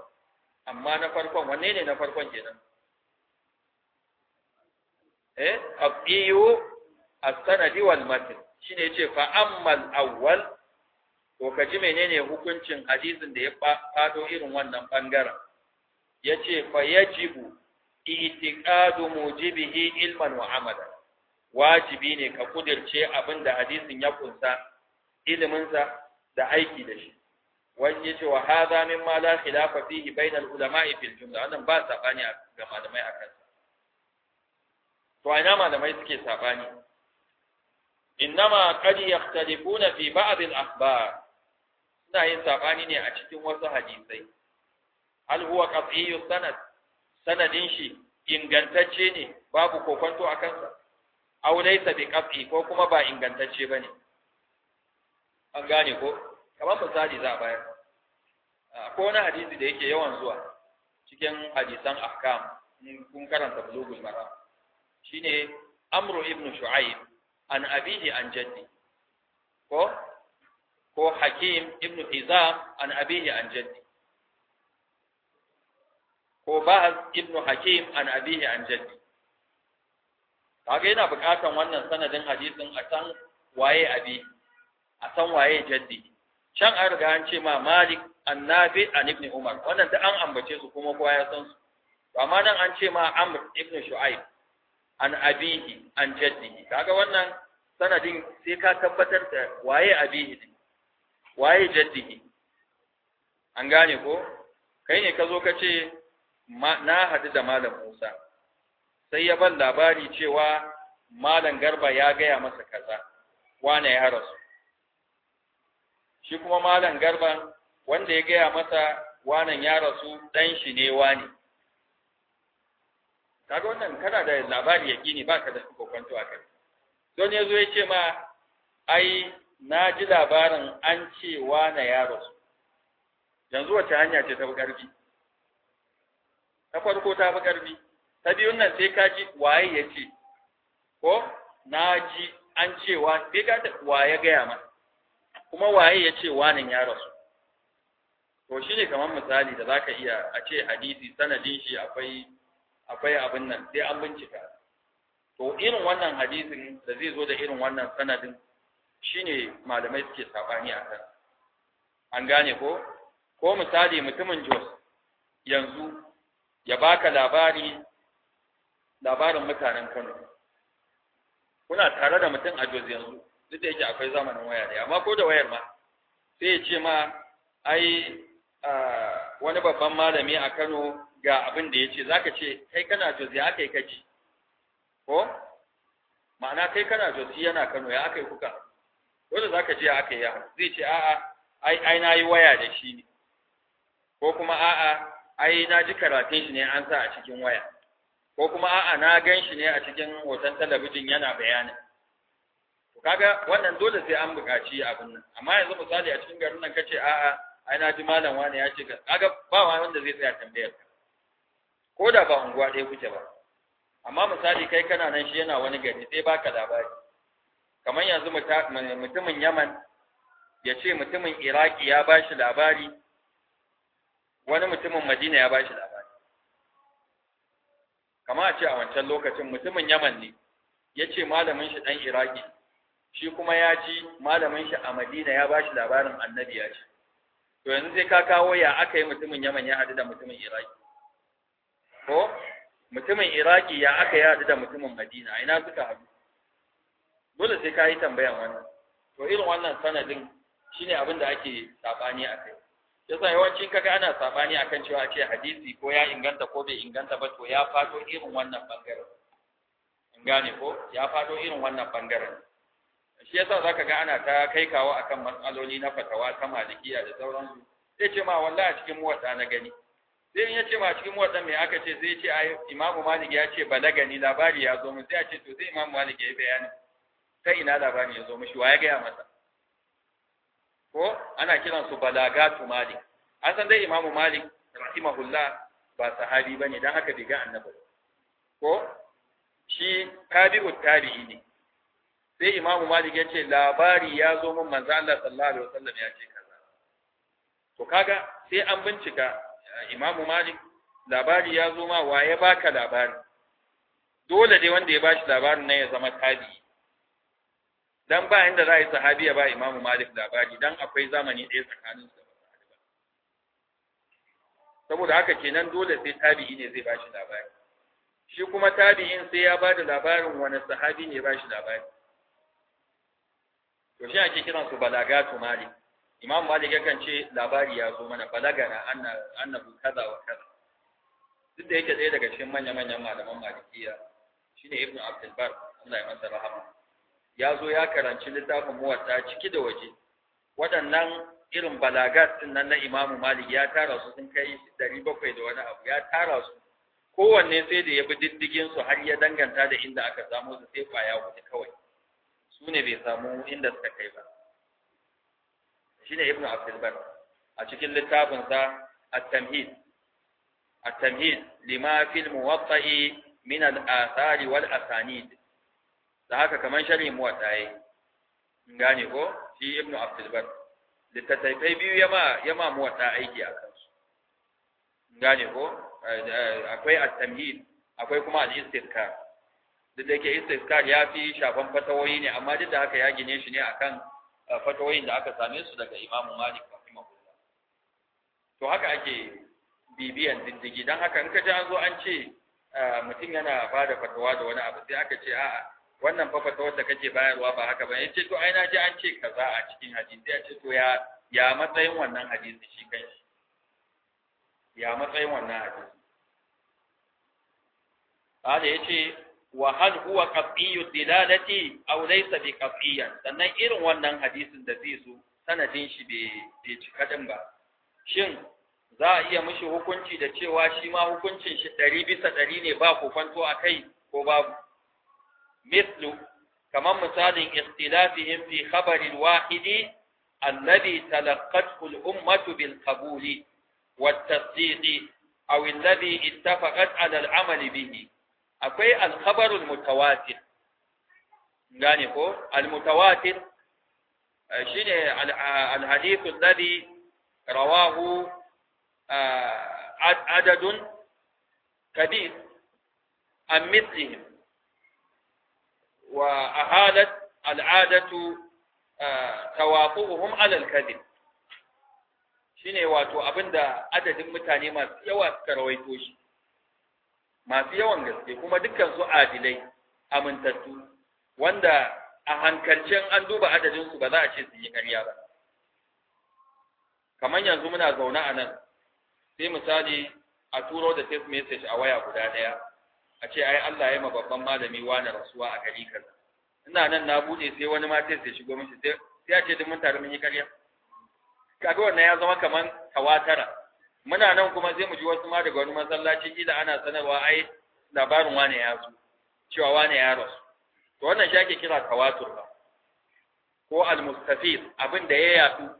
amma na farkon wanne ne na farkon kenan eh abiyu as-sanadi wal matn shine yace fa ammal awwal to kaji menene hukuncin hadisin da ya fado irin wannan bangaren yace fa yajibu i'tiqadu mujibihi ilman wa amala wajibi ne ka kudirce abinda hadisin ya kunsa iliminsa da aiki da shi wani yace wa hadha mimma la khilafa fihi bainal ulama'i fil jumla wannan ba sabani ga malamai akan to ina malamai suke sabani innama qad yakhtalifuna fi ba'd al-akhbar suna yin sabani ne a cikin wasu hadisai hal huwa qat'iyyu sanad sanadin shi ingantacce ne babu kokonto a kansa aw laysa bi qat'i ko kuma ba ingantacce bane an gane ko kamar misali za a bayar akwai wani hadisi da yake yawan zuwa cikin hadisan ahkam kun karanta bulugul maram shine amru ibn shu'aib an abihi an jaddi ko ko hakim ibn hizam an abihi an jaddi ko ba'az ibn hakim an abihi an jaddi kaga yana bukatan wannan sanadin hadisin a san waye abi a san waye jaddi can an riga an ce ma malik nabi an ibn umar wannan da an ambace su kuma kowa ya san su amma nan an ce ma amr ibn shu'aib an abihi an jaddihi kaga wannan sanadin sai ka tabbatar da waye abihi ne waye jaddihi an gane ko kai ne ka zo ka ce na hadu da malam Musa sai ya ban labari cewa malam Garba ya gaya masa kaza wane ya rasu shi kuma malam Garba wanda ya gaya masa wanan ya rasu dan shi ne wane kaga wannan kana da labari ba ka da kokonto a kai don yazo ya ce ma ai na ji labarin an ce wane ya rasu yanzu wace hanya ce ta fi ƙarfi ta farko ta fi ƙarfi ta biyun nan sai ka ji waye ya ce ko na ji an cewa sai ka ta waye gaya ma kuma waye ya ce wanin ya rasu to shi ne kamar misali da za ka iya a ce hadisi sanadin shi akwai akwai abin nan sai an bincika to irin wannan hadisin da zai zo da irin wannan sanadin shine malamai suke sabani a kan an gane ko ko misali mutumin Jos yanzu ya baka labari labarin mutanen Kano kuna tare da mutum a Jos yanzu duk da yake akwai zamanin waya ne amma ko da wayar ma sai ya ce ma ai ah, wani babban malami a Kano ga abin da ya ce za ka ce kai kana jozi ya aka yi kaji ko ma'ana kai kana jozi yana kano ya aka yi kuka dole za ka ce ya aka yi ya zai ce a'a ai ai na yi waya da shi ne ko kuma a'a ai na ji karatun shi ne an sa a cikin waya ko kuma a'a na gan shi ne a cikin hoton talabijin yana bayanin kaga wannan dole sai an buƙaci abin nan amma yanzu misali a cikin garin nan kace a'a ai na ji malam wani ya ce kaga ba wanda zai tsaya tambayar ka ko da ba unguwa ɗaya kuke ba amma misali kai kana nan shi yana wani gari sai baka labari kamar yanzu mutumin yaman ya ce mutumin iraki ya ba shi labari wani mutumin madina ya ba shi labari kama a ce a wancan lokacin mutumin yaman ne ya ce malamin shi ɗan iraki shi kuma ya ji malamin shi a madina ya ba shi labarin annabi ya ce to yanzu zai ka kawo ya aka yi mutumin yaman ya haɗu da mutumin iraki ko mutumin iraki ya aka yadu da mutumin madina ina suka haɗu dole sai ka yi tambayan wannan to irin wannan sanadin shine abin da ake sabani a kai yasa yawancin kaga ana sabani akan cewa ce hadisi ko ya inganta ko bai inganta ba to ya fado irin wannan bangaren in gane ko ya fado irin wannan bangaren shi yasa zaka ga ana ta kai kawo akan matsaloli na fatawa ta malikiya da sauransu sai ce ma wallahi a cikin muwatta na gani sai in yace ma cikin wadan me aka ce zai ce a Imamu Malik ya ce balagani labari ya zo mu sai a ce to sai Imamu Malik ya yi bayani ta ina labari ya zo Shi wa ya gaya masa ko ana kiran su balagatu Malik an san dai imamu Malik rahimahullah ba sahabi bane dan haka diga annabi ko shi tabi'ut tabi'i ne sai Imamu Malik ya ce labari ya zo mun manzo Allah sallallahu alaihi wasallam ya ce kaza to kaga sai an bincika imamu malik labari ya zo ma waye baka labari dole dai wanda ya bashi labarin nan ya zama tabi dan ba inda za a yi sahabi ya ba imamu malik labari dan akwai zamani ɗaya tsakanin su saboda haka kenan dole sai tabi'i ne zai bashi labari shi kuma tabi'in sai ya bada labarin wani sahabi ne bashi labari to shi ake kiran su balagatu malik imam malik yakan ce labari ya zo mana balagana annabu kaza wa kaza duk da yake daya daga cikin manya manyan malaman malikiya shine ibn abdul bar Allah ya masa rahama ya zo ya karanci littafin muwatta ciki da waje waɗannan irin balagat din nan na imamu malik ya tara su sun kai dari bakwai da wani abu ya tara su kowanne sai da ya bi diddigin su har ya danganta da inda aka samu su sai kwaya hudu kawai su ne bai samu inda suka kai ba shine ibnu abdul a cikin littafin sa at-tamhid at-tamhid lima fil muwatta'i min al-athari wal asanid da haka kaman sharhi muwatta'i gane ko shi ibnu abdul littattafai biyu yama yama muwatta aiki a kansu gane ko akwai at-tamhid akwai kuma al-istidkar duk da yake istidkar ya fi shafan fatawoyi ne amma duk da haka ya gine shi ne akan fatawoyin da aka same su daga Imam Malik rahimahullah to haka ake bibiyan diddigi dan haka in ka ji an zo an ce mutum yana ba da fatawa da wani abu sai aka ce a'a wannan fa fatawar da kake bayarwa ba haka ba yace to ai na ji an ce kaza a cikin hadisi ya ce to ya ya matsayin wannan hadisi shi kai ya matsayin wannan hadisi Ali ya ce wa hal huwa qat'iyyu dilalati aw laysa bi qat'iyyan sannan irin wannan hadisin da zai zo sanadin shi bai cika din ba shin za a iya mishi hukunci da cewa shi ma hukuncin shi ɗari bisa ɗari ne ba kwanto a kai ko babu mislu kamar misalin ikhtilafihim fi khabarin wahidi alladhi talaqqathu al-ummatu bil qabuli wat tasdiqi aw alladhi ittafaqat ala al bihi akwai alkhabarul mutawatir gane ko almutawatir shine alhadith alladhi rawahu adadun kabir an mithlihim wa ahalat al'adatu tawafuhum ala alkadhib shine wato abinda adadin mutane masu yawa suka rawaito shi masu yawan gaske kuma dukkan su adilai amintattu wanda a hankalcen an duba adadin su ba za a ce su yi ƙarya ba kamar yanzu muna zaune a nan sai misali a turo da text message a waya guda ɗaya a ce ai Allah ya ma babban malami wani rasuwa a gari kaza ina nan na bude sai wani ma text sai shigo mishi sai a ce duk mun tare mun yi ƙarya kaga wannan ya zama kaman tawatara muna nan kuma sai mu ji wasu ma daga wani masallaci kila ana sanarwa ai labarin wane ya zo cewa wane ya rasu to wannan shi ake kira tawatur ba ko al abin da ya yatu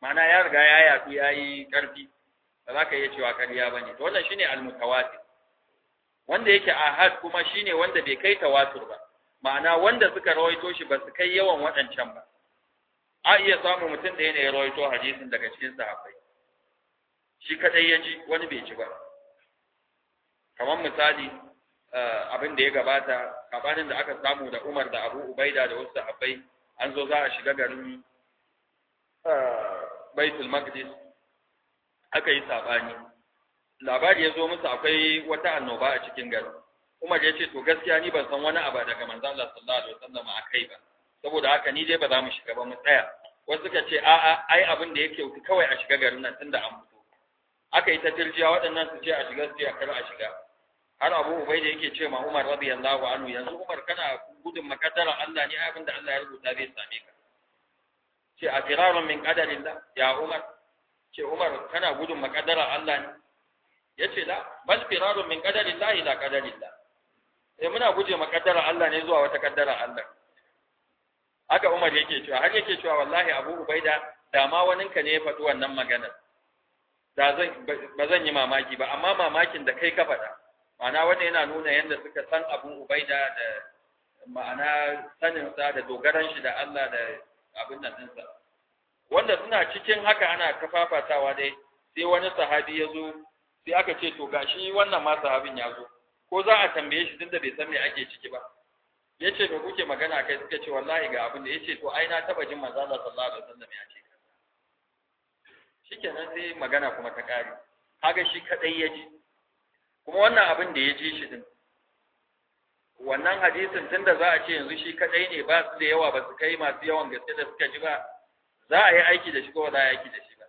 ma'ana ya riga ya yatu ya yi karfi ba za ka iya cewa ƙarya ba ne to wannan shine al-mutawatir wanda yake ahad kuma shine wanda bai kai tawatur ba ma'ana wanda suka rawaito shi ba su kai yawan waɗancan ba a iya samun mutum da yanayi rawaito hadisin daga cikin sahabbai shi kadai ya ji wani bai ji ba kamar misali eh, abin da ya gabata kabanin da aka samu da Umar da Abu Ubaida da wasu sahabbai an zo za a shiga garin eh, Baitul Maqdis aka yi sabani labari ya zo musu akwai wata annoba a cikin garin Umar ya ce to gaskiya ni ban san wani abu daga manzon Allah sallallahu alaihi wasallam akai ba saboda haka ni dai ba za mu shiga ba mu tsaya wasu suka ce a'a ai abin da yake kawai a shiga garin nan tunda an aka yi ta tirjiya waɗannan su ce a shiga su ce a kar a shiga har abu da yake ce ma umar radiyallahu anhu yanzu umar kana gudun makaddara Allah ne abinda Allah ya rubuta zai same ka ce a firarun min kadarin da ya umar ce umar kana gudun makaddara Allah ne ya ce la bal firarun min kadarin la ila kadarin da eh muna guje makaddara Allah ne zuwa wata kaddaran Allah haka umar yake cewa har yake cewa wallahi abu ubaida da ma waninka ne ya faɗi wannan maganar da zan ba zan yi mamaki ba amma mamakin da kai ka faɗa ma'ana wannan yana nuna yadda suka san abun ubaida da ma'ana saninsa da dogaran shi da Allah da abin nan ɗinsa wanda suna cikin haka ana kafafatawa dai sai wani sahabi ya zo sai aka ce to gashi wannan ma sahabin ya zo ko za a tambaye shi tunda bai san me ake ciki ba yace me kuke magana kai suka ce wallahi ga abin da yace to ai na taba jin manzo Allah sallallahu alaihi wasallam ya ce shikenan sai magana kuma ta ƙare kaga shi kadai ya kuma wannan abin da ya je shi din wannan hadisin tunda za a ce yanzu shi kadai ne ba su da yawa ba su kai masu yawan gaske da suka ji ba za a yi aiki da shi ko za a yi aiki da shi ba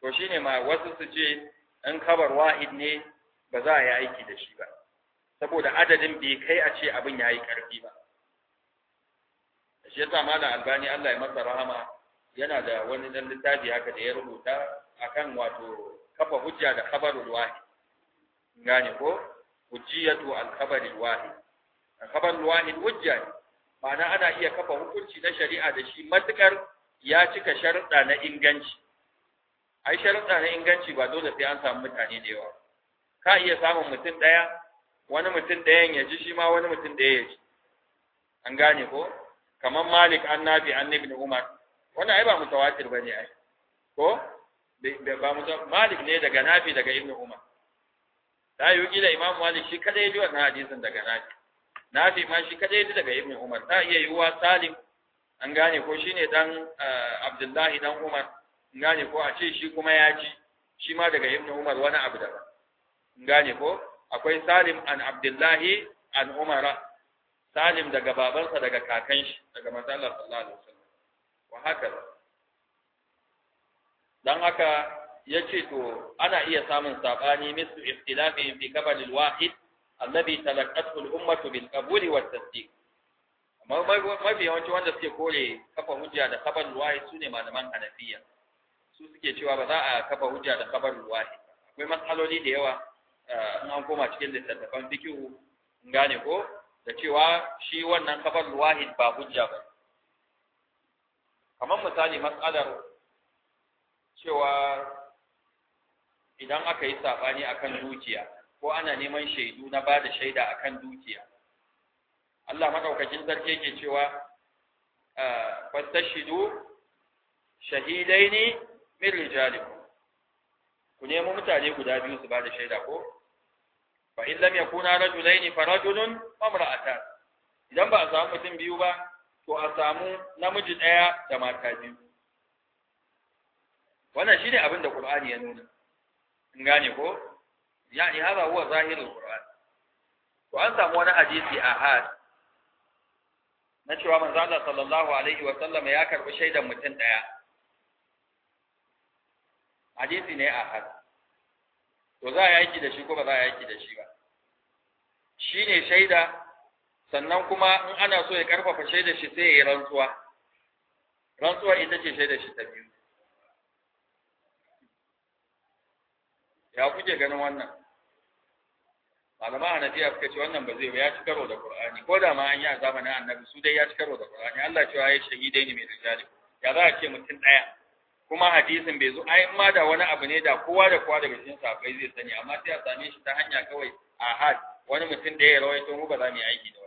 to shine ma wasu su ce in kabar wahid ne ba za a yi aiki da shi ba saboda adadin bai kai a ce abin ya yi ƙarfi ba shi yasa malam albani Allah ya masa rahama yana da wani dan littafi haka da ya rubuta akan wato kafa hujja da khabarul wahid gane ko hujjatu al khabarul wahid al khabarul wahid hujja ma'ana ana iya kafa hukunci na shari'a da shi matukar ya cika sharuɗa na inganci ai sharuɗa na inganci ba dole sai an samu mutane da yawa ka iya samun mutum ɗaya wani mutum ɗayan ya ji shi ma wani mutum ɗaya ya ji an gane ko kamar malik annabi annabi umar wannan ai ba mutawatir bane ai ko ba mu malik ne daga nafi daga Ibn umar da yi kila imam malik shi kada ya ji wannan hadisin daga nafi nafi ma shi kada ya ji daga Ibn umar ta iya yiwuwa salim an gane ko shine dan eh, abdullahi dan umar an gane ko a ce shi kuma ya ji shi ma daga Ibn umar wani abu daban an gane ko akwai salim an abdullahi an Umar salim daga babansa daga kakan shi daga Masallar Allah sallallahu alaihi wasallam wa haka dan haka yace to ana iya samun sabani misu ikhtilafihim fi qabl al-wahid alladhi talaqqathu ummatu bil qabuli wat tasdiq amma mafi yawanci wanda suke kore kafa hujja da khabar wahid sune malaman hanafiya su suke cewa ba za a kafa hujja da kabar wahid akwai matsaloli da yawa eh, in an koma cikin littattafan fikihu gane ko da cewa shi wannan kabar wahid ba hujja ba kamar misali matsalar cewa idan aka yi saɓani akan dukiya ko ana neman shaidu na ba da shaida akan dukiya Allah maɗaukacin sarki ke cewa ah, fastashidu shahidai ne min rijalikum ku nemo mutane guda biyu su ba da shaida ko fa in lam yakuna rajulaini fa rajulun wa imra'atan idan ba a samu mutum biyu ba to a samu namiji ɗaya da mata biyu wannan shine abin da Qur'ani ya nuna in gane ko ni hada huwa zahirul Qur'an to an samu wani hadisi ahad na cewa manzo Allah sallallahu alaihi wa sallam ya karbi shaidan mutum ɗaya hadisi ne a ahad to za a yaki da shi ko ba za a yaki da shi ba shine shaida sannan kuma in ana so ya karfafa shaida shi sai ya yi rantsuwa Rantsuwa ita ce shaida shi ta biyu ya kuke ganin wannan malaman hanafiya suka ce wannan ba zai ba ya ci karo da qur'ani ko da ma an yi a zamanin annabi su dai ya ci karo da qur'ani Allah wa ya shahidai ne mai rijali ya za a ce mutum ɗaya kuma hadisin bai zo ai ma da wani abu ne da kowa da kowa daga cikin sahabbai zai sani amma sai a same shi ta hanya kawai a had wani mutum da ya rawaito mu ba za mu yi aiki da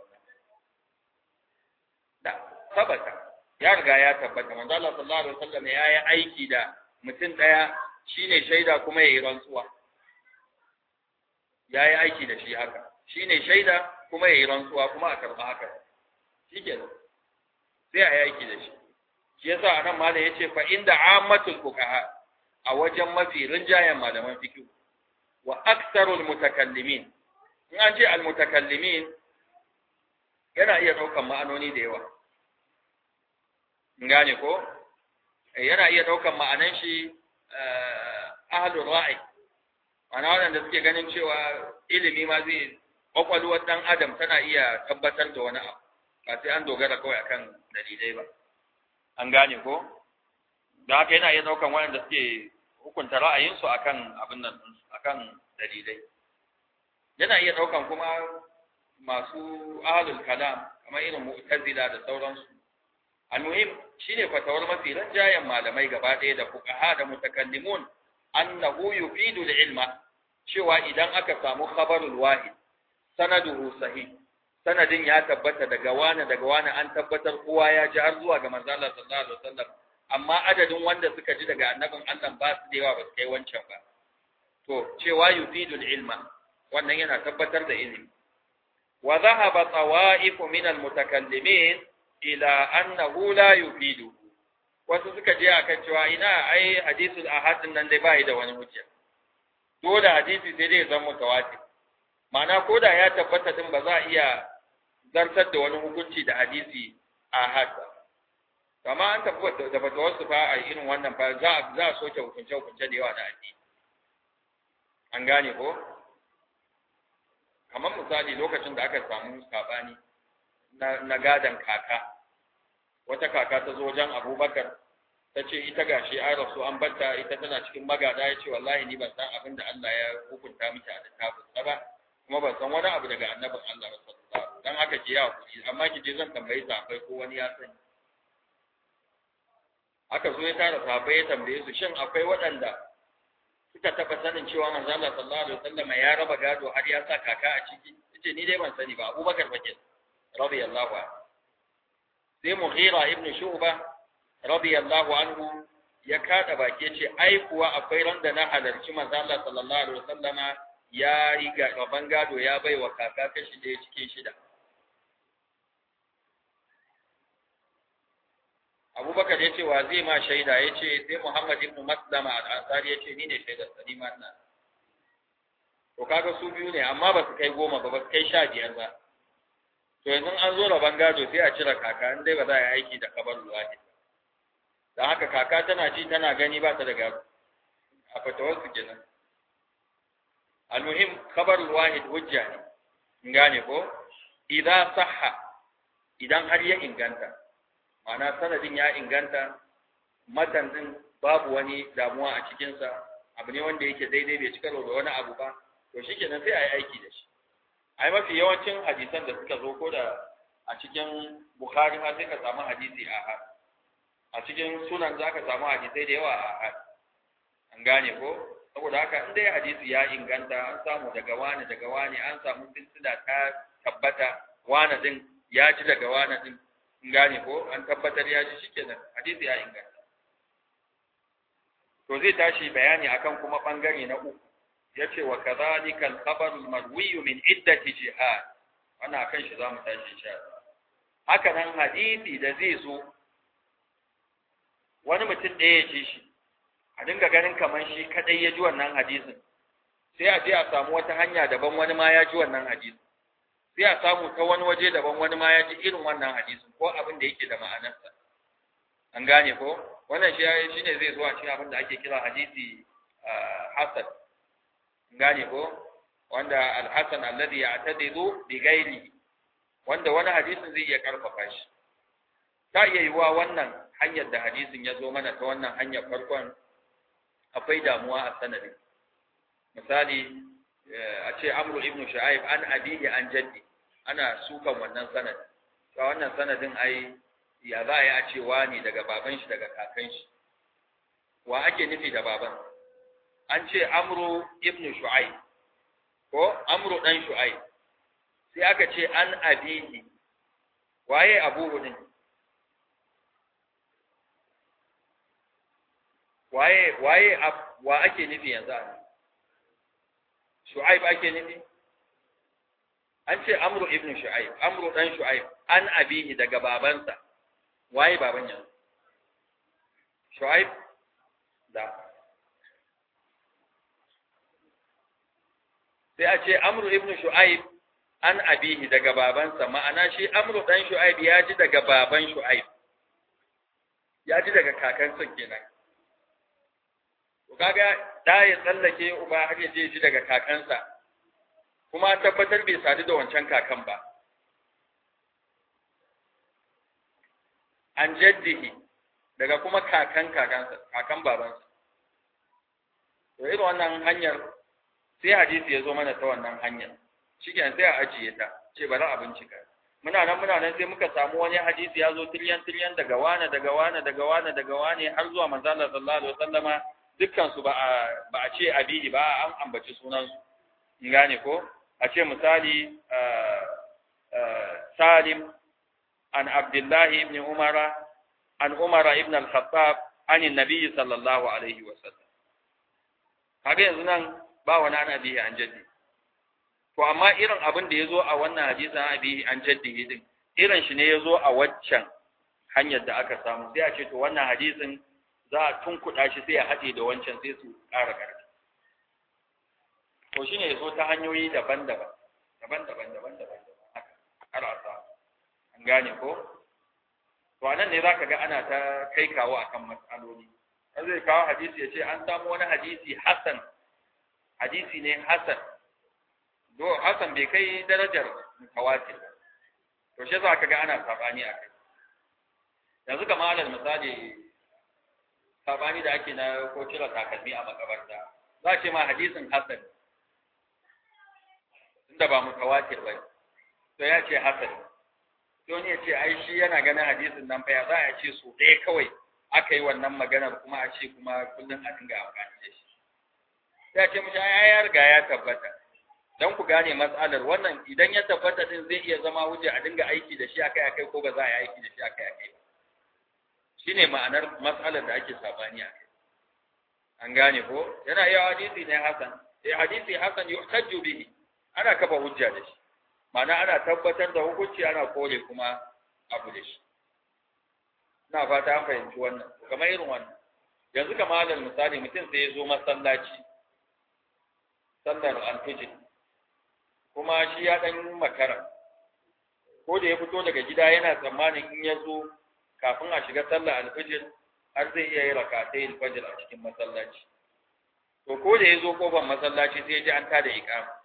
da tabbata ya riga ya tabbata manzo Allah sallallahu alaihi wasallam ya yi aiki da mutum daya shine shaida kuma ya yi rantsuwa ya yi aiki da shi haka shine shaida kuma ya yi rantsuwa kuma a karba haka shikenan sai a yi aiki da shi shi yasa anan malam yace fa inda ammatul fuqaha a wajen mafi rinjayen malaman fiqh wa aktsarul mutakallimin in an ce al mutakallimin yana iya ɗaukan ma'anoni da yawa gane ko eh, yana iya ɗaukan ma'anan shi eh, ahlul ra'ayi, ana waɗanda suke ganin cewa ilimi ma zai ƙwaƙwalwar ɗan adam tana iya tabbatar da wani abu ba sai an dogara kawai akan dalilai ba an gane ko da haka yana iya ɗaukan waɗanda suke hukunta ra'ayinsu kan abin nan akan dalilai yana iya ɗaukan kuma masu ahlul kalam kamar irin mu'tazila da sauransu almuhim shine fatawar mafi jayan malamai gaba ɗaya da fuqaha da mutakallimun annahu yufidu ilma cewa idan aka samu khabarul wahid sanaduhu sahih sanadin ya tabbata daga wani daga wani an tabbatar kowa ya ji har zuwa ga manzo Allah sallallahu alaihi wasallam amma adadin wanda suka ji daga annabin Allah ba su da yawa ba su kai wancan ba to cewa yufidul ilma wannan yana tabbatar da ilimi wa dhahaba tawa'ifu min almutakallimin ila annahu la yufidu wasu suka je akan cewa ina ai hadisul ahad nan dai bai da wani hujja dole hadisi sai dai zama mutawatir ma'ana ko da ya tabbata din ba za a iya zartar da wani hukunci da hadisi ahad ba amma an tabbata da bata wasu fa a irin wannan fa za a soke hukunce hukunce da yawa da addini an gane ko kamar misali lokacin da aka samu sabani na, na gadan kaka wata kaka ta zo wajen abubakar ta ce ita gashi an rasu an batta ita tana cikin magada ya ce wallahi ni ban san abin da Allah ya hukunta miki a littafin ba kuma ban san wani abu daga annabin Allah ba dan haka ki ya hakuri amma ki je zan tambayi safai, ko wani ya sani aka zo ya tara sahabbai ya tambaye su shin akwai waɗanda suka taɓa sanin cewa manzo Allah sallallahu alaihi wasallam ya raba gado har ya sa kaka a ciki yace ni dai ban sani ba Abubakar bakin radiyallahu anhu sai Mughira ibn Shu'ba radiyallahu anhu ya kada baki yace ai kuwa akwai randa na halarci manzo Allah sallallahu alaihi wasallama ya riga gaban gado ya baiwa kaka kashi da cikin shida abubakar ya ce wa zai ma shaida ya ce sai muhammad ibn maslama al-ansari ya ce ni ne shaida sa ni ma ina to kaga su biyu ne amma ba su kai goma ba ba su kai sha biyar ba to yanzu an zo rabon gado sai a cire kaka in dai ba za a yi aiki da kabar luwaɗi Da haka kaka tana ci tana gani ba ta da a fatawar su kenan almuhim kabar wahid hujja ne gane ko idan sahha idan har ya inganta ma'ana sanadin ya inganta matan din babu wani damuwa a cikinsa abu ne wanda yake daidai bai cika da wani abu ba to shi kenan sai a yi aiki da shi yi mafi yawancin hadisan da suka zo ko da a cikin bukhari ma sai ka samu hadisi a har a cikin sunan za ka samu hadisai da yawa a har an gane ko saboda haka in dai hadisi ya inganta an samu daga wani daga wani an samu silsila ta tabbata wani din ya ji daga wani din gane ko an tabbatar ya ji shikenan hadisi ya inganta to zai tashi bayani akan kuma bangare na uku yace wa kadhalika al-khabar al-marwi min iddati jihad ana kan shi zamu tashi sha haka nan hadisi da zai zo wani mutum ɗaya ya ji shi a dinga ganin kamar shi kadai ya ji wannan hadisin sai a je a samu wata hanya daban wani ma ya ji wannan hadisin sai a samu ta wani waje daban wani ma ya ji irin wannan hadisin ko abin da yake da ma'anarsa an gane ko wannan shi shine zai zo a cikin abin da ake kira hadisi hasan gane ko wanda al-hasan alladhi ya'tadidu bi ghairi wanda wani hadisin zai iya karfafa shi ta iya yiwuwa wannan hanyar da hadisin ya zo mana ta wannan hanyar farkon akwai damuwa a sanadin misali eh, a ce amru ibnu shu'aib an abihi an jaddi ana sukan wannan sanadin to wannan sanadin ai ya za a yi a ne daga baban shi daga kakan shi wa ake nufi da baban an ce amru ibn shu'ai ko amru dan shu'ai sai aka ce an abihi waye abu hudin waye waye wa ake nufi yanzu shu'aib ake nufi an ce amru ibn shu'aib amru dan shu'aib an abihi daga babansa waye baban yanzu shu'aib da sai a ce amru ibn shu'aib an abihi daga babansa ma'ana shi amru dan shu'aib ya ji daga baban shu'aib ya ji daga kakansa kenan to kaga da ya tsallake uba har ya ji daga kakansa kuma tabbatar bai sadu da wancan kakan ba an jaddihi daga kuma kakan kakan babansa to irin wannan hanyar sai hadisi ya zo mana ta wannan hanyar shikenan sai a ajiye ta ce bari a bincika muna nan muna nan sai muka samu wani hadisi ya zo tiryan tiryan daga wane daga wane daga wane daga wane har zuwa manzo Allah sallallahu alaihi wasallama dukkan su ba a ba a ce abihi ba an ambaci sunan su gane ko a ce misali eh, eh, salim an abdullahi ibn umara an umara ibn al-khattab an nabiyyi sallallahu alaihi wa sallam kaga yanzu nan ba wani an abihi an jaddi to amma irin abin da yazo a wannan hadisin abi an jaddi din irin shi ne yazo a waccan hanyar da aka samu sai a ce to wannan hadisin za a tunkuɗa shi sai ya haɗe da wancan sai su ƙara ƙarfi to shine ya zo ta hanyoyi daban-daban daban-daban daban-daban a arasa an gane ko to anan ne zaka ga ana ta kai kawo akan matsaloli an zai kawo hadisi ya ce an samu wani hadisi hasan hadisi ne hasan do hasan bai kai darajar mutawatir ba to shi yasa kaga ana sabani a kai yanzu kamar alal misali sabani da ake na ko cire takalmi a makabarta za ce ma hadisin hasan da ba mutawatir ba to ya ce hasan don ya ce ai shi yana ganin hadisin nan fa ya za a ce so dai kawai aka yi wannan maganar kuma a ce kuma kullum a dinga amfani da shi ya ce mu ya ya riga ya tabbata dan ku gane matsalar wannan idan ya tabbata din zai iya zama wuce a dinga aiki da shi akai akai ko ba za a yi aiki da shi akai akai shine ma'anar matsalar da ake sabani akai an gane ko yana iya hadisi ne hasan eh hadisi hasan yuhtaju bihi ana kafa hujja da shi ma'ana ana tabbatar da hukunci ana kore kuma abu da shi ina fata an fahimci wannan kamar irin wannan yanzu kamar alal misali mutum sai ya zo masallaci sallar alfijir kuma shi ya dan makara ko da ya fito daga gida yana tsammanin in ya zo kafin a shiga sallar alfijir har zai iya yi rakatai alfajir a cikin masallaci to ko da ya zo kofar masallaci sai ya ji an tada iqama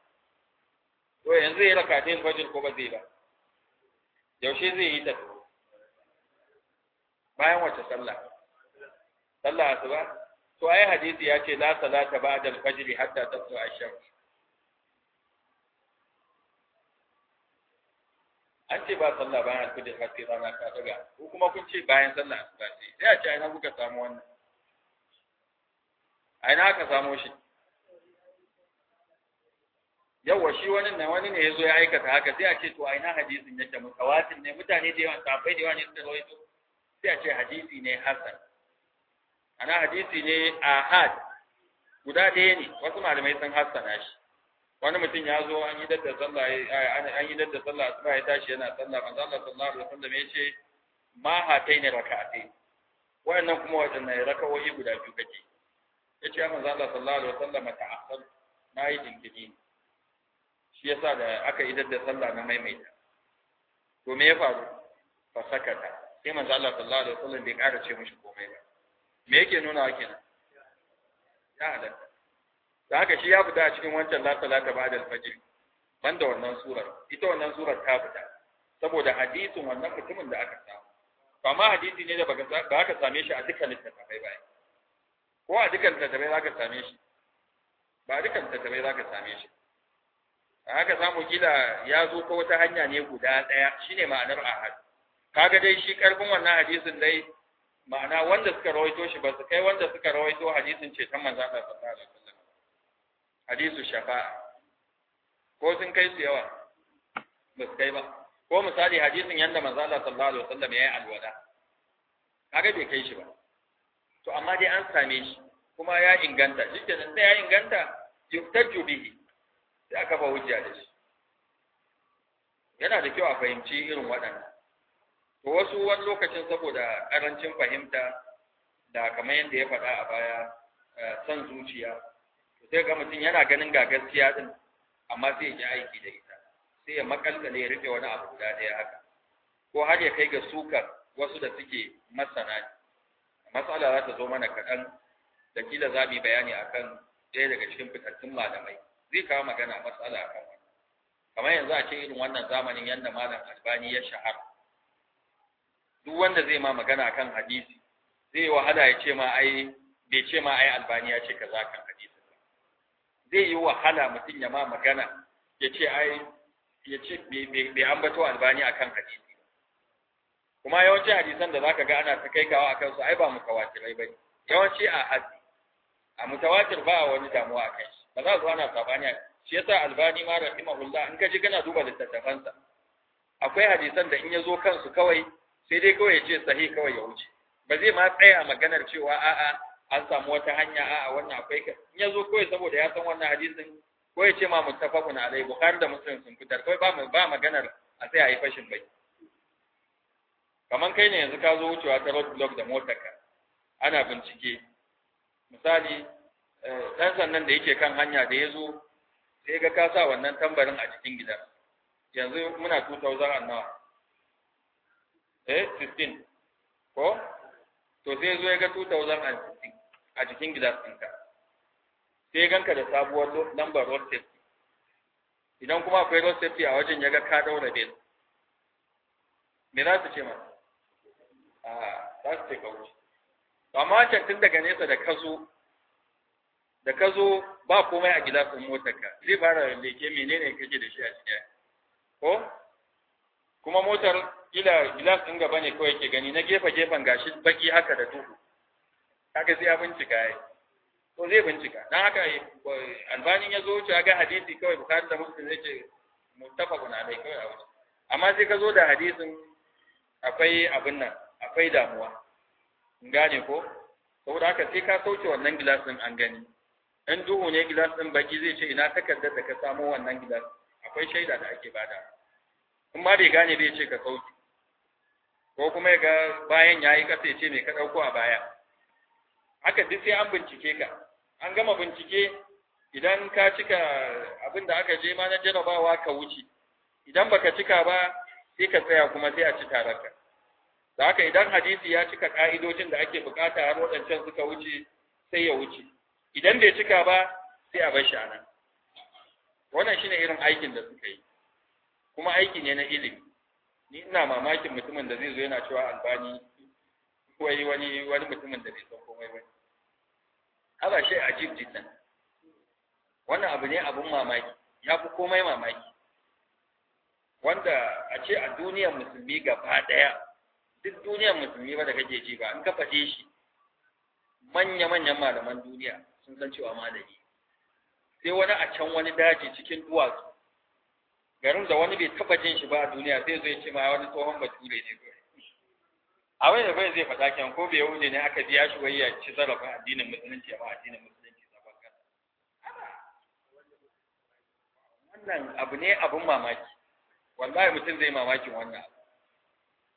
to yanzu yi raka ta ko ba zai ba yaushe zai yi ta bayan wace sallah sallah ba to ai hadisi ya ce la salata ba'da al-fajr hatta tatlu a shams an ce ba sallah bayan al-fajr har sai rana ta daga ko kuma kun ce bayan sallah su ce sai a ce ai na kuka samu wannan ai na ka samu shi yawa shi wani na wani ne yazo ya aikata haka sai a ce to a ina hadisin yake mutawatir ne mutane da yawan sahabbai da yawan suka rawaito sai a ce hadisi ne hasan ana hadisi ne ahad guda ɗaya ne wasu malamai sun hassana shi wani mutum ya zo an yi dadda sallah an yi dadda sallah asuba ya tashi yana sallah manzo Allah sallallahu alaihi wasallam ya ce ma hataini raka'atayn wayannan kuma raka raka'o'i guda biyu kake yace manzo Allah sallallahu alaihi wasallam ta'assal nayi jinkiri shi yasa da aka idar da sallah na maimaita to me ya faru fa sakata sai manzo Allah sallallahu alaihi wasallam bai ƙara ce mishi komai ba me yake nuna wa kenan ya halatta da haka shi ya fita a cikin wancan la salata ba'da al-fajr banda wannan surar ita wannan surar ta fita saboda hadisin wannan mutumin da aka samu amma hadisi ne da ba ka same shi a dukkan littattafai ba ko a dukkan littattafai za ka same shi ba dukkan littattafai za ka same shi haka samu kila ya zo ta wata hanya ne guda ɗaya shine ma'anar ahad kaga dai shi karfin wannan hadisin dai ma'ana wanda suka rawaito shi ba su kai wanda suka rawaito hadisin ce ta manzon Allah sallallahu alaihi wasallam hadisu shafa'a ko sun kai su yawa ba su kai ba ko misali hadisin yanda manzon Allah sallallahu alaihi wasallam ya yi alwada kaga bai kai shi ba to amma dai an same shi kuma ya inganta shi kenan sai ya inganta yuktaju bihi sai aka fa hujja da shi yana da kyau a fahimci irin waɗannan to wasu wani lokacin saboda ƙarancin fahimta da kamar yadda ya faɗa a baya eh, son zuciya sai ga mutum yana ganin ga gaskiya din amma sai ya aiki da ita sai ya makalkale ya rufe wani abu guda ɗaya haka ko har ya kai ga sukar wasu da suke masana matsala za ta zo mana kaɗan da kila za mu bayani akan ɗaya daga cikin fitattun malamai zai kawo magana matsala a kan kamar yanzu a ce irin wannan zamanin yadda malam albani ya shahara duk wanda zai ma magana kan hadisi zai wahala ya ce ma ai bai ce ma ai albani ya ce za kan hadisi zai yi wahala mutum ya ma magana ya ce ai ya ce bai ambato albani a kan hadisi kuma yawanci hadisan da zaka ga ana ta kai kawa akan su ai ba mutawatirai ne. yawanci a hadisi a mutawatir ba a wani damuwa kai shi ba za su ana sabani shi yasa albani ma rahimahullah in ka ji kana duba littattafansa akwai hadisan da in ya zo kansu kawai sai dai kawai ya ce sahih kawai ya wuce ba zai ma tsaya maganar cewa a'a an samu wata hanya a'a wannan akwai ka in ya zo kawai saboda ya san wannan hadisin ko ya ce ma muttafaqun alai bukhari da muslim sun fitar kawai ba ba maganar a sai a yi fashin bai kaman kai ne yanzu ka zo wucewa ta road block da motarka ana bincike misali ɗan sannan da yake kan hanya da ya zo sai ga ka wannan tambarin a cikin gidan yanzu muna 2000 an nawa eh 15 ko to sai zo ya ga 2015 a cikin gidan ɗinka sai ya ganka da sabuwar lambar road safety idan kuma akwai road safety a wajen ya ga ka daura bel me za su ce ma a za su ce ka wuce amma can tun daga nesa da ka zo da ka zo ba komai a gilasin motarka zai fara leke menene kake da shi a cikin ko kuma motar ila gilas din gaba ne kawai ke gani na gefe gefen gashi baki haka da duhu kaga sai ya bincika yi to zai bincika dan haka eh, albanin ya zo wuce ga hadisi kawai bukatar da muslim yake muttafaqun alai kawai a wuce amma sai ka zo da hadisin akwai abin nan akwai damuwa gane ko saboda haka sai ka sauke wannan gilasin din an gani ɗan duhu ne gilas ɗin baki zai ce ina takardar da ka samo wannan gilas akwai shaida da ake bada in ma bai gane bai ce ka sauki ko kuma ya ga bayan ya yi ƙasa ya ce me ka ɗauko a baya haka duk sai an bincike ka an gama bincike idan ka cika abin da aka je ma na jarabawa ka wuce idan baka cika ba sai ka tsaya kuma sai a ci ka. da haka idan hadisi ya cika ka'idojin da ake bukata har waɗancan suka wuce sai ya wuce idan bai cika ba sai a bar shi anan wannan shine irin aikin da suka yi kuma aiki ne na ilimi ni ina mamakin mutumin da zai zo yana cewa albani wai wani wani mutumin da bai san komai ba haba shi ajib jiddan wannan abu ne abun mamaki ya fi komai mamaki wanda a ce a duniyar musulmi gaba daya duk duniyar musulmi ba da kake ji ba in kafa shi manya-manyan malaman duniya sun san cewa malami sai wani a can wani daji cikin duwatsu garin da wani bai taba jin shi ba a duniya sai zo ya ce ma wani tsohon bature ne a wani bai zai faɗa kyan ko bai wuce ne aka biya shi wai ya ci zarafin addinin musulunci ba addinin musulunci zaban kasa wannan abu ne abin mamaki wallahi mutum zai mamakin wannan abu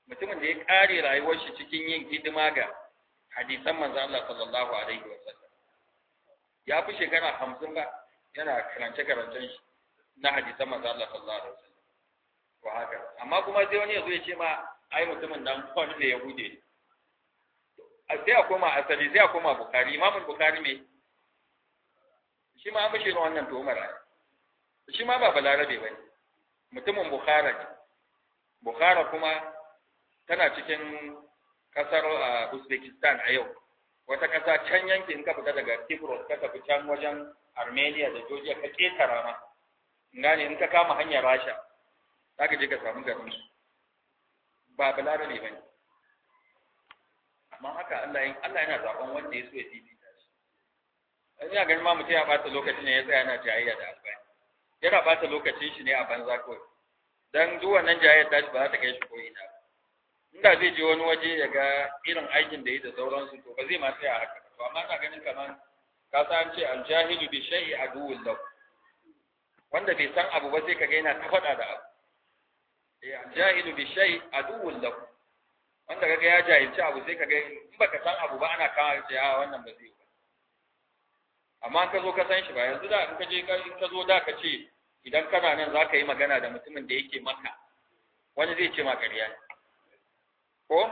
mutumin da ya kare rayuwar shi cikin yin hidima ga hadisan manzo Allah sallallahu alaihi wasallam ya fi shekara hamsin ba yana karance-karancen shi na ta maza Allah sallallahu alaihi wasallam ko haka amma kuma sai wani ya zo ya ce ma ai mutumin nan wani ne ya A sai a koma asali sai a koma bukari imamul bukari me shi ma an fi ne wannan tuhumar shi ma ba balarabe ba ne mutumin bukhara ne bukhara kuma tana cikin kasar ah, uzbekistan a yau wata kasa can yanki in ka fita daga Cyprus ka tafi can wajen Armenia da Georgia ka ƙetara ma ne in ka kama hanyar Rasha za ka je ka samu garin su ba balarabe ba ne amma haka Allah yin Allah yana zaben wanda ya so ya fifita shi ina ganin ma mutum ya ɓata lokacin ne ya tsaya yana jayayya da albani yana ɓata lokacin shi ne a banza kawai dan duk wannan jayayyar tashi ba za ta kai shi ko ina ba inda zai je wani waje ya ga irin aikin da yi da sauransu to ba zai ma tsaya haka to amma ina ganin kamar ka san ce aljahilu bi shay'i aduwwul lahu wanda bai san abu ba sai kaga yana ta fada da abu eh aljahilu bi shay'i aduwwul lahu wanda kaga ya jahilci abu sai kaga in baka san abu ba ana kawo ce a ah, wannan ba zai ba amma ka zo ka san shi ba yanzu da in ka je ka zo da ka ce idan kana nan za ka yi magana da mutumin da yake maka wani zai ce ma ƙarya ne ko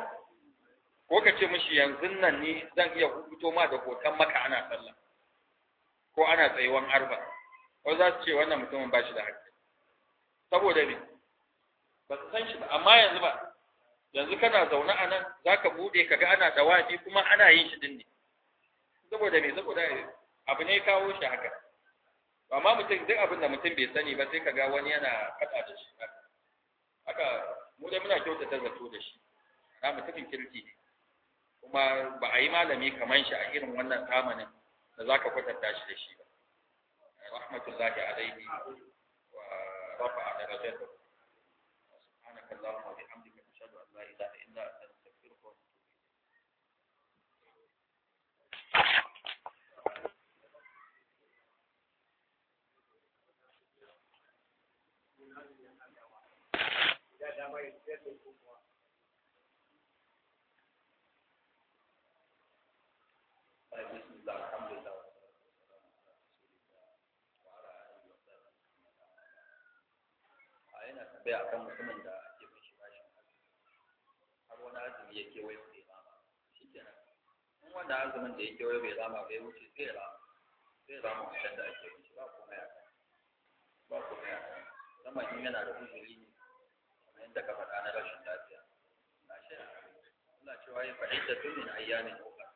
ko ka ce mishi yanzu nan ni zan iya fito ma da hoton maka ana sallah ko ana tsayuwan arba ko za su ce wannan mutumin ba shi da haƙƙi saboda ne ba su san shi ba amma yanzu ba yanzu kana zaune a nan za ka buɗe ka ga ana dawafi kuma ana yin shi din ne saboda me saboda abu ne kawo shi haka amma mutum duk abin da mutum bai sani ba sai ka ga wani yana faɗa da shi haka mu dai muna kyautata zato da shi ta mutumin kirki kuma ba a yi malami kaman shi a irin wannan zamanin da za ka kwatanta shi da shi ba rahmatullahi alaihi wa rafa darajatahu subhanaka allahumma wa bihamdika ashhadu an la ilaha illa anta astaghfiruka wa atubu ilayk Gracias. tambaya akan mutumin da ake bin shi bashin har wani azumi ya kewaye bai rama shi kenan in wanda azumin da ya kewaye bai rama bai wuce zai rama zai rama wancan da ake bin shi ba komai kan ba komai a kan musamman in yana da uzuri ne kamar yadda ka faɗa na rashin lafiya na shi Ina cewa ya fa'iddatun min ayyamin ukhra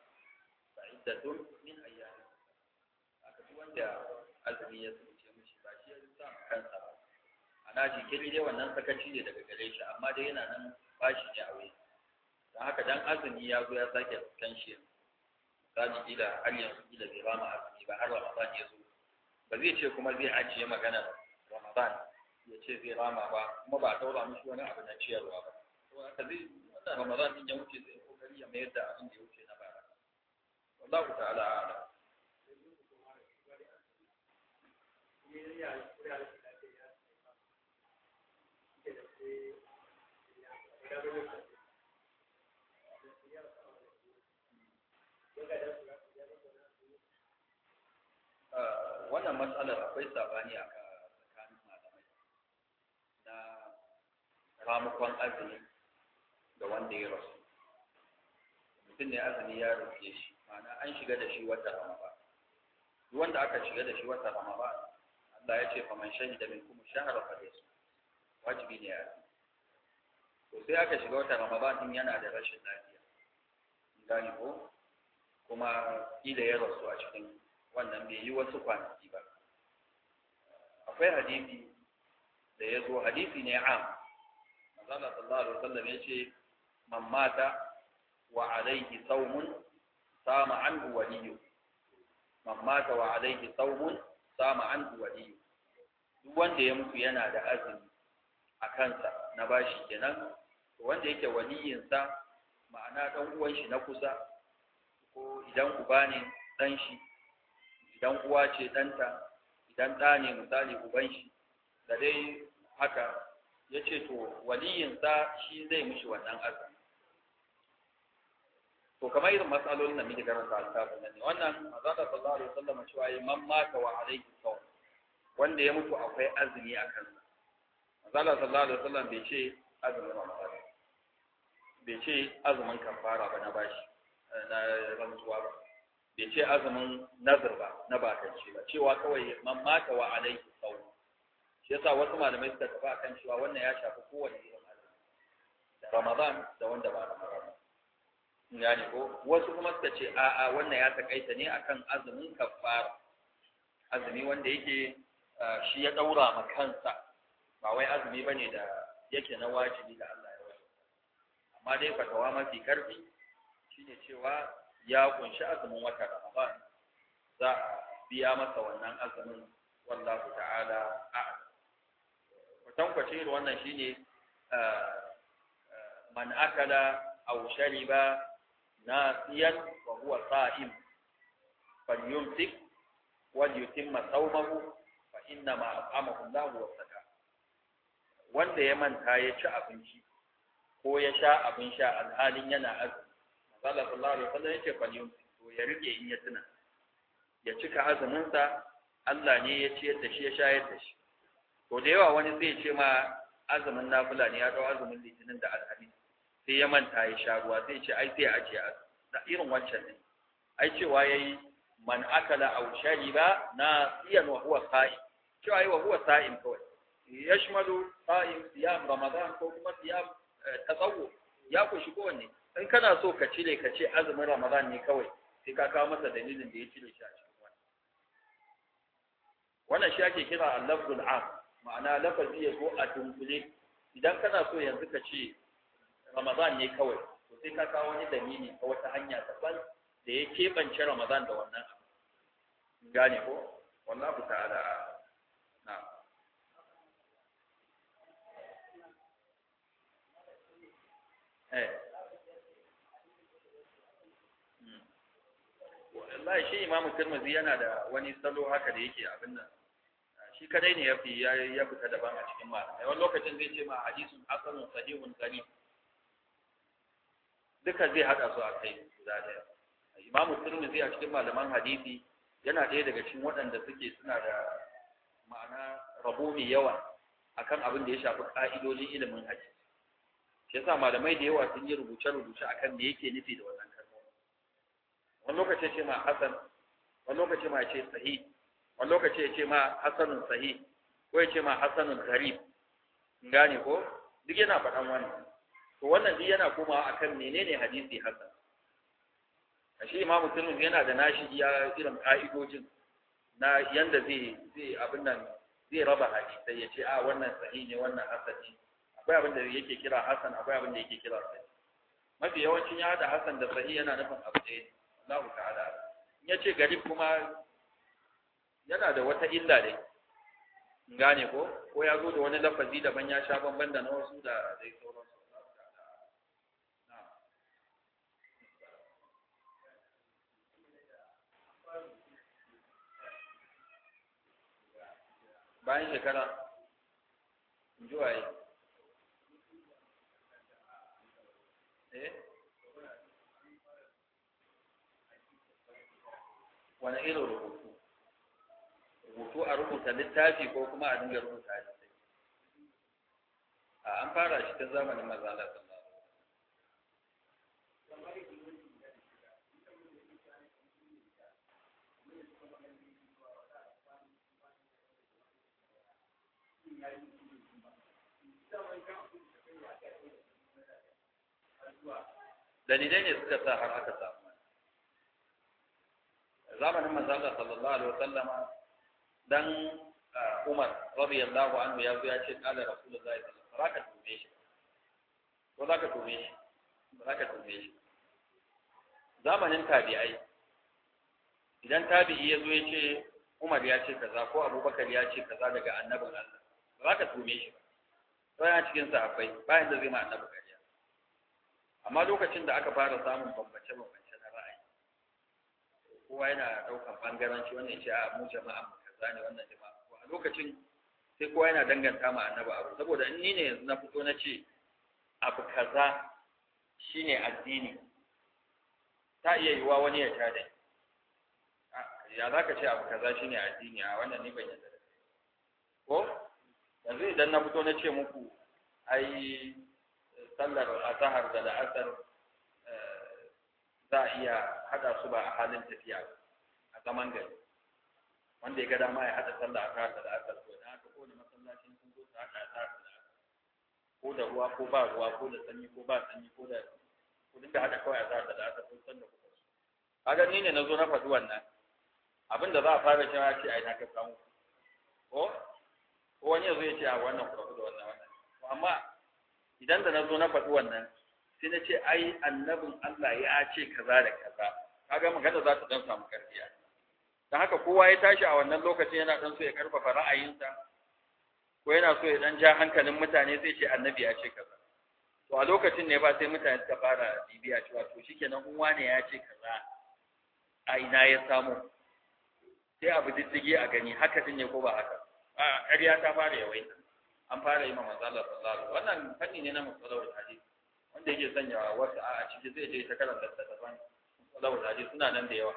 fa'iddatun min ayyamin aka duk wanda azumi ya tsuce mishi ba shi ya sa kansa ana jinkiri dai wannan sakaci ne daga gare shi amma dai yana nan bashi ne a wuya don haka dan azumi ya zo ya sake kan shi misali kila har yanzu kila bai mu azumi ba har ramadan ya zo ba zai ce kuma zai ajiye magana ramadan ya ce zai rama ba kuma ba a daura mishi wani abu na ciyarwa ba to haka zai wannan ramadan din ya wuce zai kokari ya mayar da abin da ya wuce na bara wallahu ta'ala a'lam Yeah, yeah, yeah. Eh, wannan matsalar akwai sabani a tsakanin malamai na ramukon azumi da wanda ya rasu mutum ne azumi ya rufe shi ma'ana an shiga da shi wata ba. duk wanda aka shiga da shi wata ba Allah ya ce faman shahida minkum shahra su, wajibi ne ya to sai aka shiga wata ramadan din yana da rashin lafiya gani ko kuma kila ya rasu a cikin wannan bai yi wasu kwanaki ba akwai hadisi da ya zo hadisi ne am manzala sallallahu alaihi wasallam ya ce man mata wa alaihi saumun sama an waliyu man mata wa alaihi saumun sama an waliyu duk wanda ya mutu yana da azumi a kansa na bashi kenan wanda yake waliyinsa ma'ana ɗan uwan shi na kusa ko idan uba ne ɗan shi idan uwa ce ɗanta idan ɗa ne misali uban shi da dai haka ya ce to waliyinsa shi zai mishi wannan azumi to kamar irin matsalolin da muke garin alkafin ba ne wannan mazaka sallallahu alaihi wasallam cewa yi man mata wa alaihi sawm wanda ya mutu akwai azumi a kansa mazaka sallallahu alaihi wasallam bai ce azumi ba. bai ce azumin kafara ba na bashi eh, na rantsuwa ba bai ce azumin nazar ba na bakance ba cewa kawai man mata wa alaihi sau shi yasa wasu malamai suka tafi akan cewa wannan ya shafi kowane irin azumi da ramadan da wanda ba ramadan ne ko wasu kuma suka ce a'a wannan ya takaita ne akan azumin kafara azumi wanda yake eh, shi ya daura ma kansa ba wai azumi bane da yake na wajibi da Allah amma dai fatawa mafi karfi shine cewa ya kunshi azumin wata Ramadan za a biya masa wannan azumin wallahu ta'ala a'lam da wannan shine eh, eh, man akala aw shariba nasiyan wa huwa sa'im falyumsik waliyutimma sawmahu fa inna at'amahu Allah wa saka wanda ya manta ya ci abinci ko ya sha abin sha alhalin yana azumi Allah sallallahu alaihi wasallam yake fa yau to ya rike in ya tuna ya cika azumin sa Allah ne ya ciyar da shi ya shayar da shi to da yawa wani zai ce ma azumin nafila ne ya dau azumin litinin da alhali sai ya manta ya sha ruwa sai ce ai sai a ajiye da irin wancan ne ai cewa yayi man akala aw shariba nasiyan wa huwa sa'i cewa ai wa huwa sa'in kawai yashmalu Sa'in, siyam ramadan ko kuma siyam Eh, tsawo, ya kunshi kowanne in kana so ka cire ka ce azumin ramadan ne kawai sai ka kawo masa dalilin da ya cire shi a cikin wani wannan shi ake kira al-lafzul am ma'ana lafazi ya zo a dunkule idan kana so yanzu ka ce ramadan ne kawai to sai ka kawo wani dalili ta wata hanya daban da ya keɓance ramadan da wannan gane ko wallahu ta'ala Eh. wallahi shi imamu Tirmidhi yana da wani salo haka da yake abin nan shi kadai ne ya fi ya fita daban a cikin malamai wani lokacin zai ce ma hadisun asalin sahihun gani duka zai haɗa su a kai guda ɗaya imamu Tirmidhi a cikin malaman hadisi yana ɗaya daga cikin waɗanda suke suna da ma'ana rabo mai yawa akan abin da ya shafi ka'idojin ilimin haji shi yasa malamai da yawa sun yi rubuce-rubuce akan me yake nufi da wannan kalmomi wani lokaci ce ma hasan wani lokaci ma ce sahi. wani lokaci ya ce ma hasanun sahi? ko ya ce ma hasanun gharib gane ko duk yana faɗan wannan to wannan duk yana komawa akan menene hadisi hasan shi imamu tirmidhi yana da nashi iya irin ka'idojin na yanda zai zai abin nan zai raba hadisai ya ce a ah, wannan sahi ne wannan hasan ne akwai abin da yake kira hasan akwai abin da yake kira sahih mafi yawancin ya da hasan da sahih yana nufin abu ɗaya Allahu ta'ala in ya ce garib kuma yana da wata illa dai gane ko ko ya zo da wani lafazi daban ya sha bamban da na wasu da dai sauransu bayan shekara juwaye wani irin rubutu rubutu a rubuta littafi ko kuma a dinga rubuta littafi a an fara shi ta zamanin maza Da sallallahu dalilai ne suka sa har aka samu zamanin manzo sallallahu alaihi wasallam dan ah, Umar radiyallahu anhu ya zo ya ce kala rasulullahi sallallahu alaihi wasallam ka tume shi ko za ka tume shi ba za ka tume shi zamanin tabi'ai idan tabi'i ya zo ya ce Umar ya ce kaza ko Abubakar ya ce kaza daga annabin Allah ba za ka tume shi ba ya cikin sahabbai bayan da zai ma annabi kariya amma lokacin da aka fara samun bambance bambance kowa yana ɗaukar bangaranci wannan ce a mu jama'a mu kaza ne wannan jama'a ko a lokacin sai kowa yana danganta ma annabi abu saboda in ni ne yanzu na fito na ce abu kaza shine addini ta iya yiwuwa wani ya ta dai ya za ka ce abu kaza shine addini a wannan ni ban yadda da ko yanzu idan na fito na ce muku ai sallar azahar da la'asar za a iya haɗa su ba a halin tafiya a zaman gari wanda ya ga dama ya haɗa sallah a kasa da asar ko da haka kowane masallacin sun zo su haɗa a kasa da ko da ruwa ko ba ruwa ko da sanyi ko ba sanyi ko da ku dinga haɗa kawai a kasa da asar ko da kuka su. kaga ni ne na zo na faɗi wannan abinda za a fara cewa ce a na ka samu ko ko wani ya zo ya ce a wannan ku da wannan wannan amma idan da na zo na faɗi wannan sai na ce ai annabin Allah ya ce kaza da kaza kaga magana za ta dan samu karfiya dan haka kowa ya tashi a wannan lokacin yana dan so ya karfafa ra'ayinsa ko yana so ya dan ja hankalin mutane sai ce annabi ya ce kaza to a lokacin ne ba sai mutane suka fara bibiya cewa to shikenan in wane ya ce kaza a ina ya samu sai abu diddige a gani haka din ne ko ba haka a ƙarya ta fara yawaita an fara yi ma manzo wannan fanni ne na musalawar hadisi wanda yake sanya wasu a ciki zai je ta karanta ta littattafan saboda haji suna nan da yawa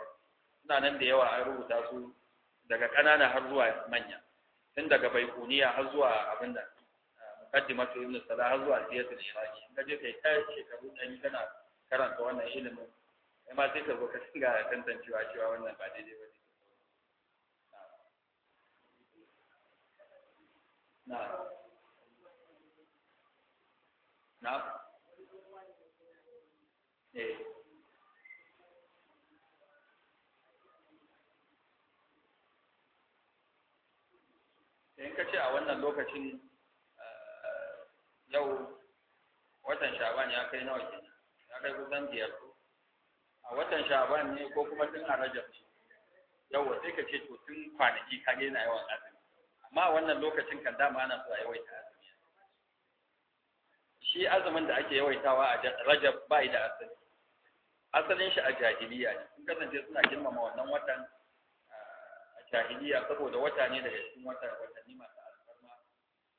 suna nan da yawa an rubuta su daga ƙanana har zuwa manya tun daga baikuniya har zuwa abin da eh, muqaddimatu ibn salah har zuwa siyatul iraki in ka je kai ta shekaru ɗari kana karanta wannan ilimin kai ma sai ka zo ka dinga tantancewa cewa wannan ba daidai ba ne na na Eh. Eh, in ka ce a wannan lokacin eh, yau watan shaban ya kai nawa ke ya kai kusan biyar a watan shaban ne ko kuma tun a rajab ce yau sai ka ce to tun kwanaki ka gina yawan azumi amma a wannan lokacin kan dama ana so a yawaita azumi shi azumin da ake yawaitawa a rajab bai da asali asalin shi a jahiliya ne sun kasance suna girmama wannan watan a jahiliya saboda wata ne daga cikin watan watanni masu alfarma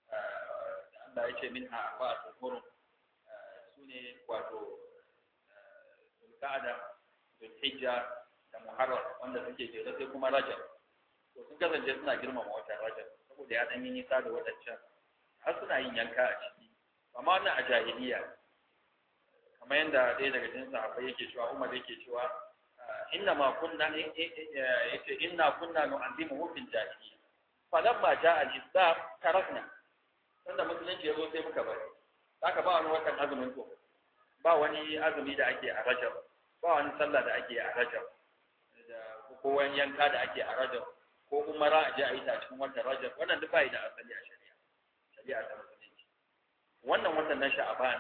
da Allah ya ce min a ba a tsoron su ne wato zulkada zulhijja da muharram wanda suke jere sai kuma rajab to sun kasance suna girmama watan rajab saboda ya dan yi nisa da wadancan har suna yin yanka a ciki amma wannan a jahiliya kamar yadda ɗaya daga cikin sahabbai yake cewa Umar yake cewa ah, inna ma kunna eh, eh, eh, yake inna kunna nu'allimuhu fil jahiliyya falamma jaa al-islam tarakna tunda musulunci yazo sai muka bari haka ba wani wata azumin ko ba wani azumi da ake a Rajab ba wani sallah da ake a Rajab da ko wani yanka da ake a Rajab ko umara a ji a yi ta cikin wata Rajab wannan duk bai da asali a shari'a shari'a ta musulunci wannan watan na Sha'ban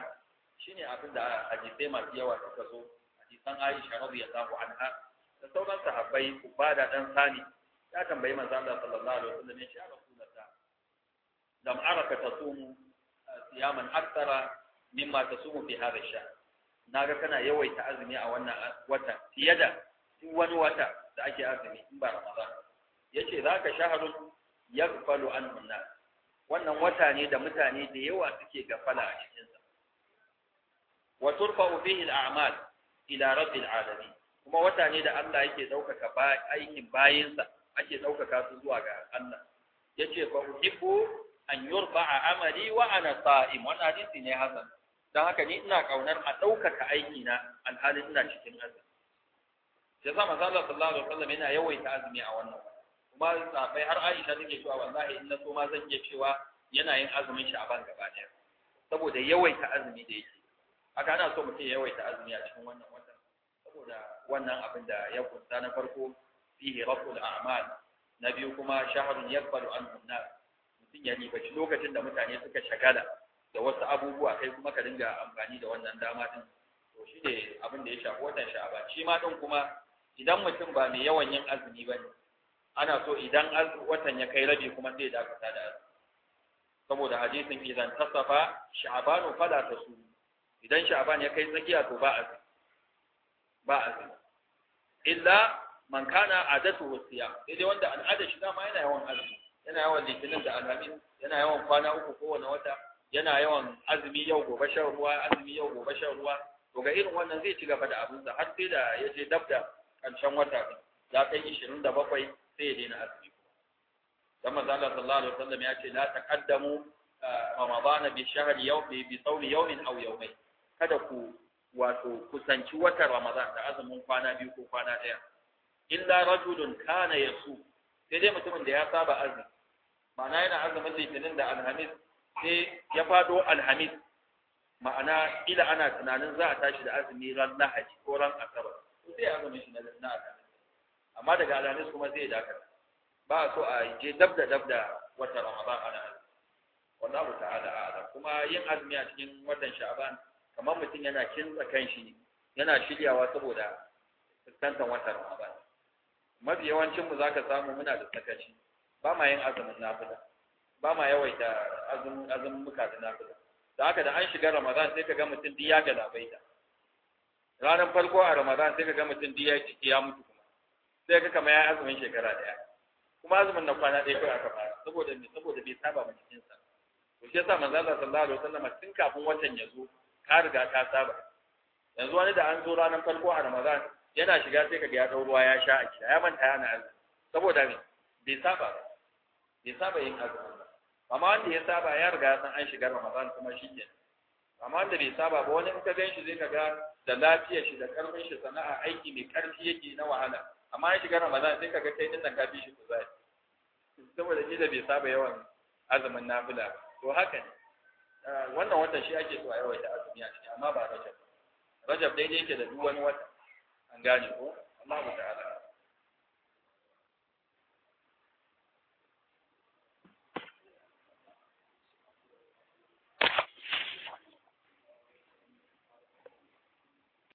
shine abin da hadisai masu yawa suka zo hadisan Aisha radiyallahu anha da sauran sahabbai Ubada dan Sani ya tambayi manzon Allah sallallahu alaihi wasallam ya ce da rasulullah lam araka tasumu uh, siyaman akthara mimma tasumu fi hadha ash Na naga kana yawaita azumi a wannan wata fiye da duk wani wata da ake azumi in ba Ramadan yace zaka shahadu yaqbalu anhu an-nas wannan wata ne da mutane da yawa suke gafala a cikin wa turfa'u bihi al-a'mal ila rabbil alamin kuma wata ne da Allah yake daukaka aikin bayinsa ake daukaka su zuwa ga Allah yace fa uhibbu an yurfa'a amali wa ana sa'im wannan hadisi ne hasan dan haka ni ina kaunar a daukaka aiki na alhali ina cikin azumi ya sa manzo Allah sallallahu alaihi wasallam yana yawaita azumi a wannan kuma sahabbai har Aisha take cewa wallahi in na so ma zan iya cewa yana yin azumin shi a ban gaba daya saboda yawaita azumi da yake haka ana so mutum ya yawaita azumi a cikin wannan watan saboda wannan abin da ya kunsa na farko fihi raful a'mal na biyu kuma shahrun yaqbalu an nas mutum ya nibaci lokacin da mutane suka shagala da wasu abubuwa kai kuma ka dinga amfani da wannan dama din to shi ne abin da ya shafi watan sha'aba shi ma din kuma idan mutum ba mai yawan yin azumi ba ne ana so idan watan ya kai rabi kuma zai dakata da azumi saboda hadisin idan tasafa sha'abanu fala tasu idan sha'ban ya kai tsakiya to ba azumi ba azumi illa man kana adatu sai dai wanda al'ada shi dama yana yawan azumi yana yawan litinin da alamin yana yawan kwana uku kowane wata yana yawan azumi yau gobe shan ruwa azumi yau gobe shan ruwa to ga irin wannan zai ci gaba da abinsa har sai da ya je dab da ƙarshen wata ɗin ya kai ishirin da bakwai sai ya daina azumi dan manzo Allah sallallahu alaihi wasallam ya ce la taqaddamu ah, ramadana bi shahri yawmi bi sawmi yawmin aw yawmayn kada ku wato kusanci wata Ramadan da azumin kwana biyu ko kwana ɗaya illa rajulun kana yasu sai dai mutumin da ya saba azumi ma'ana yana azumin litinin da alhamis sai ya fado alhamis ma'ana ila ana tunanin za a tashi da azumi ran lahadi ko ran asabar to sai azumin shi na alhamis amma daga alhamis kuma zai ya dakata ba a so a je dab da dab da Ramadan ana azumi wallahu ta'ala a'lam kuma yin azumi a cikin watan Sha'ban kamar mutum yana kinsa kanshi yana shiryawa saboda fuskantar watan Ramadan mafi yawancin mu ka samu muna da sakaci ba ma yin azumin nafila ba ma yawaita azumin azumin muka da nafila da haka da an shiga Ramadan sai ka ga mutum duk ya galabaita ranar farko a Ramadan sai ka ga mutum duk ya ciki ya mutu kuma sai ka kama ya azumin shekara daya kuma azumin na kwana ɗaya kawai aka fara saboda me saboda bai saba ma jikinsa to shi yasa manzo Allah sallallahu alaihi wasallam tun kafin watan ya zo ka riga ka saba yanzu wani da an zo ranar farko a ramadan yana shiga sai ga ya dau ruwa ya sha a gida ya manta yana azumi saboda me bai saba ba bai saba yin azumi ba amma wanda ya saba ya riga san an shiga ramadan kuma shi ke amma wanda bai saba ba wani in ka gan shi zai kaga da lafiyar shi da karfin shi sana'a aiki mai karfi yake na wahala amma ya shiga ramadan sai kaga kai din nan ka bi shi kuzari saboda shi da bai saba yawan azumin nafila to haka ne wannan watan shi ake so a yawaita azumi a ciki amma ba rajab rajab daidai yake da duk wani wata an gane ko Allah ta'ala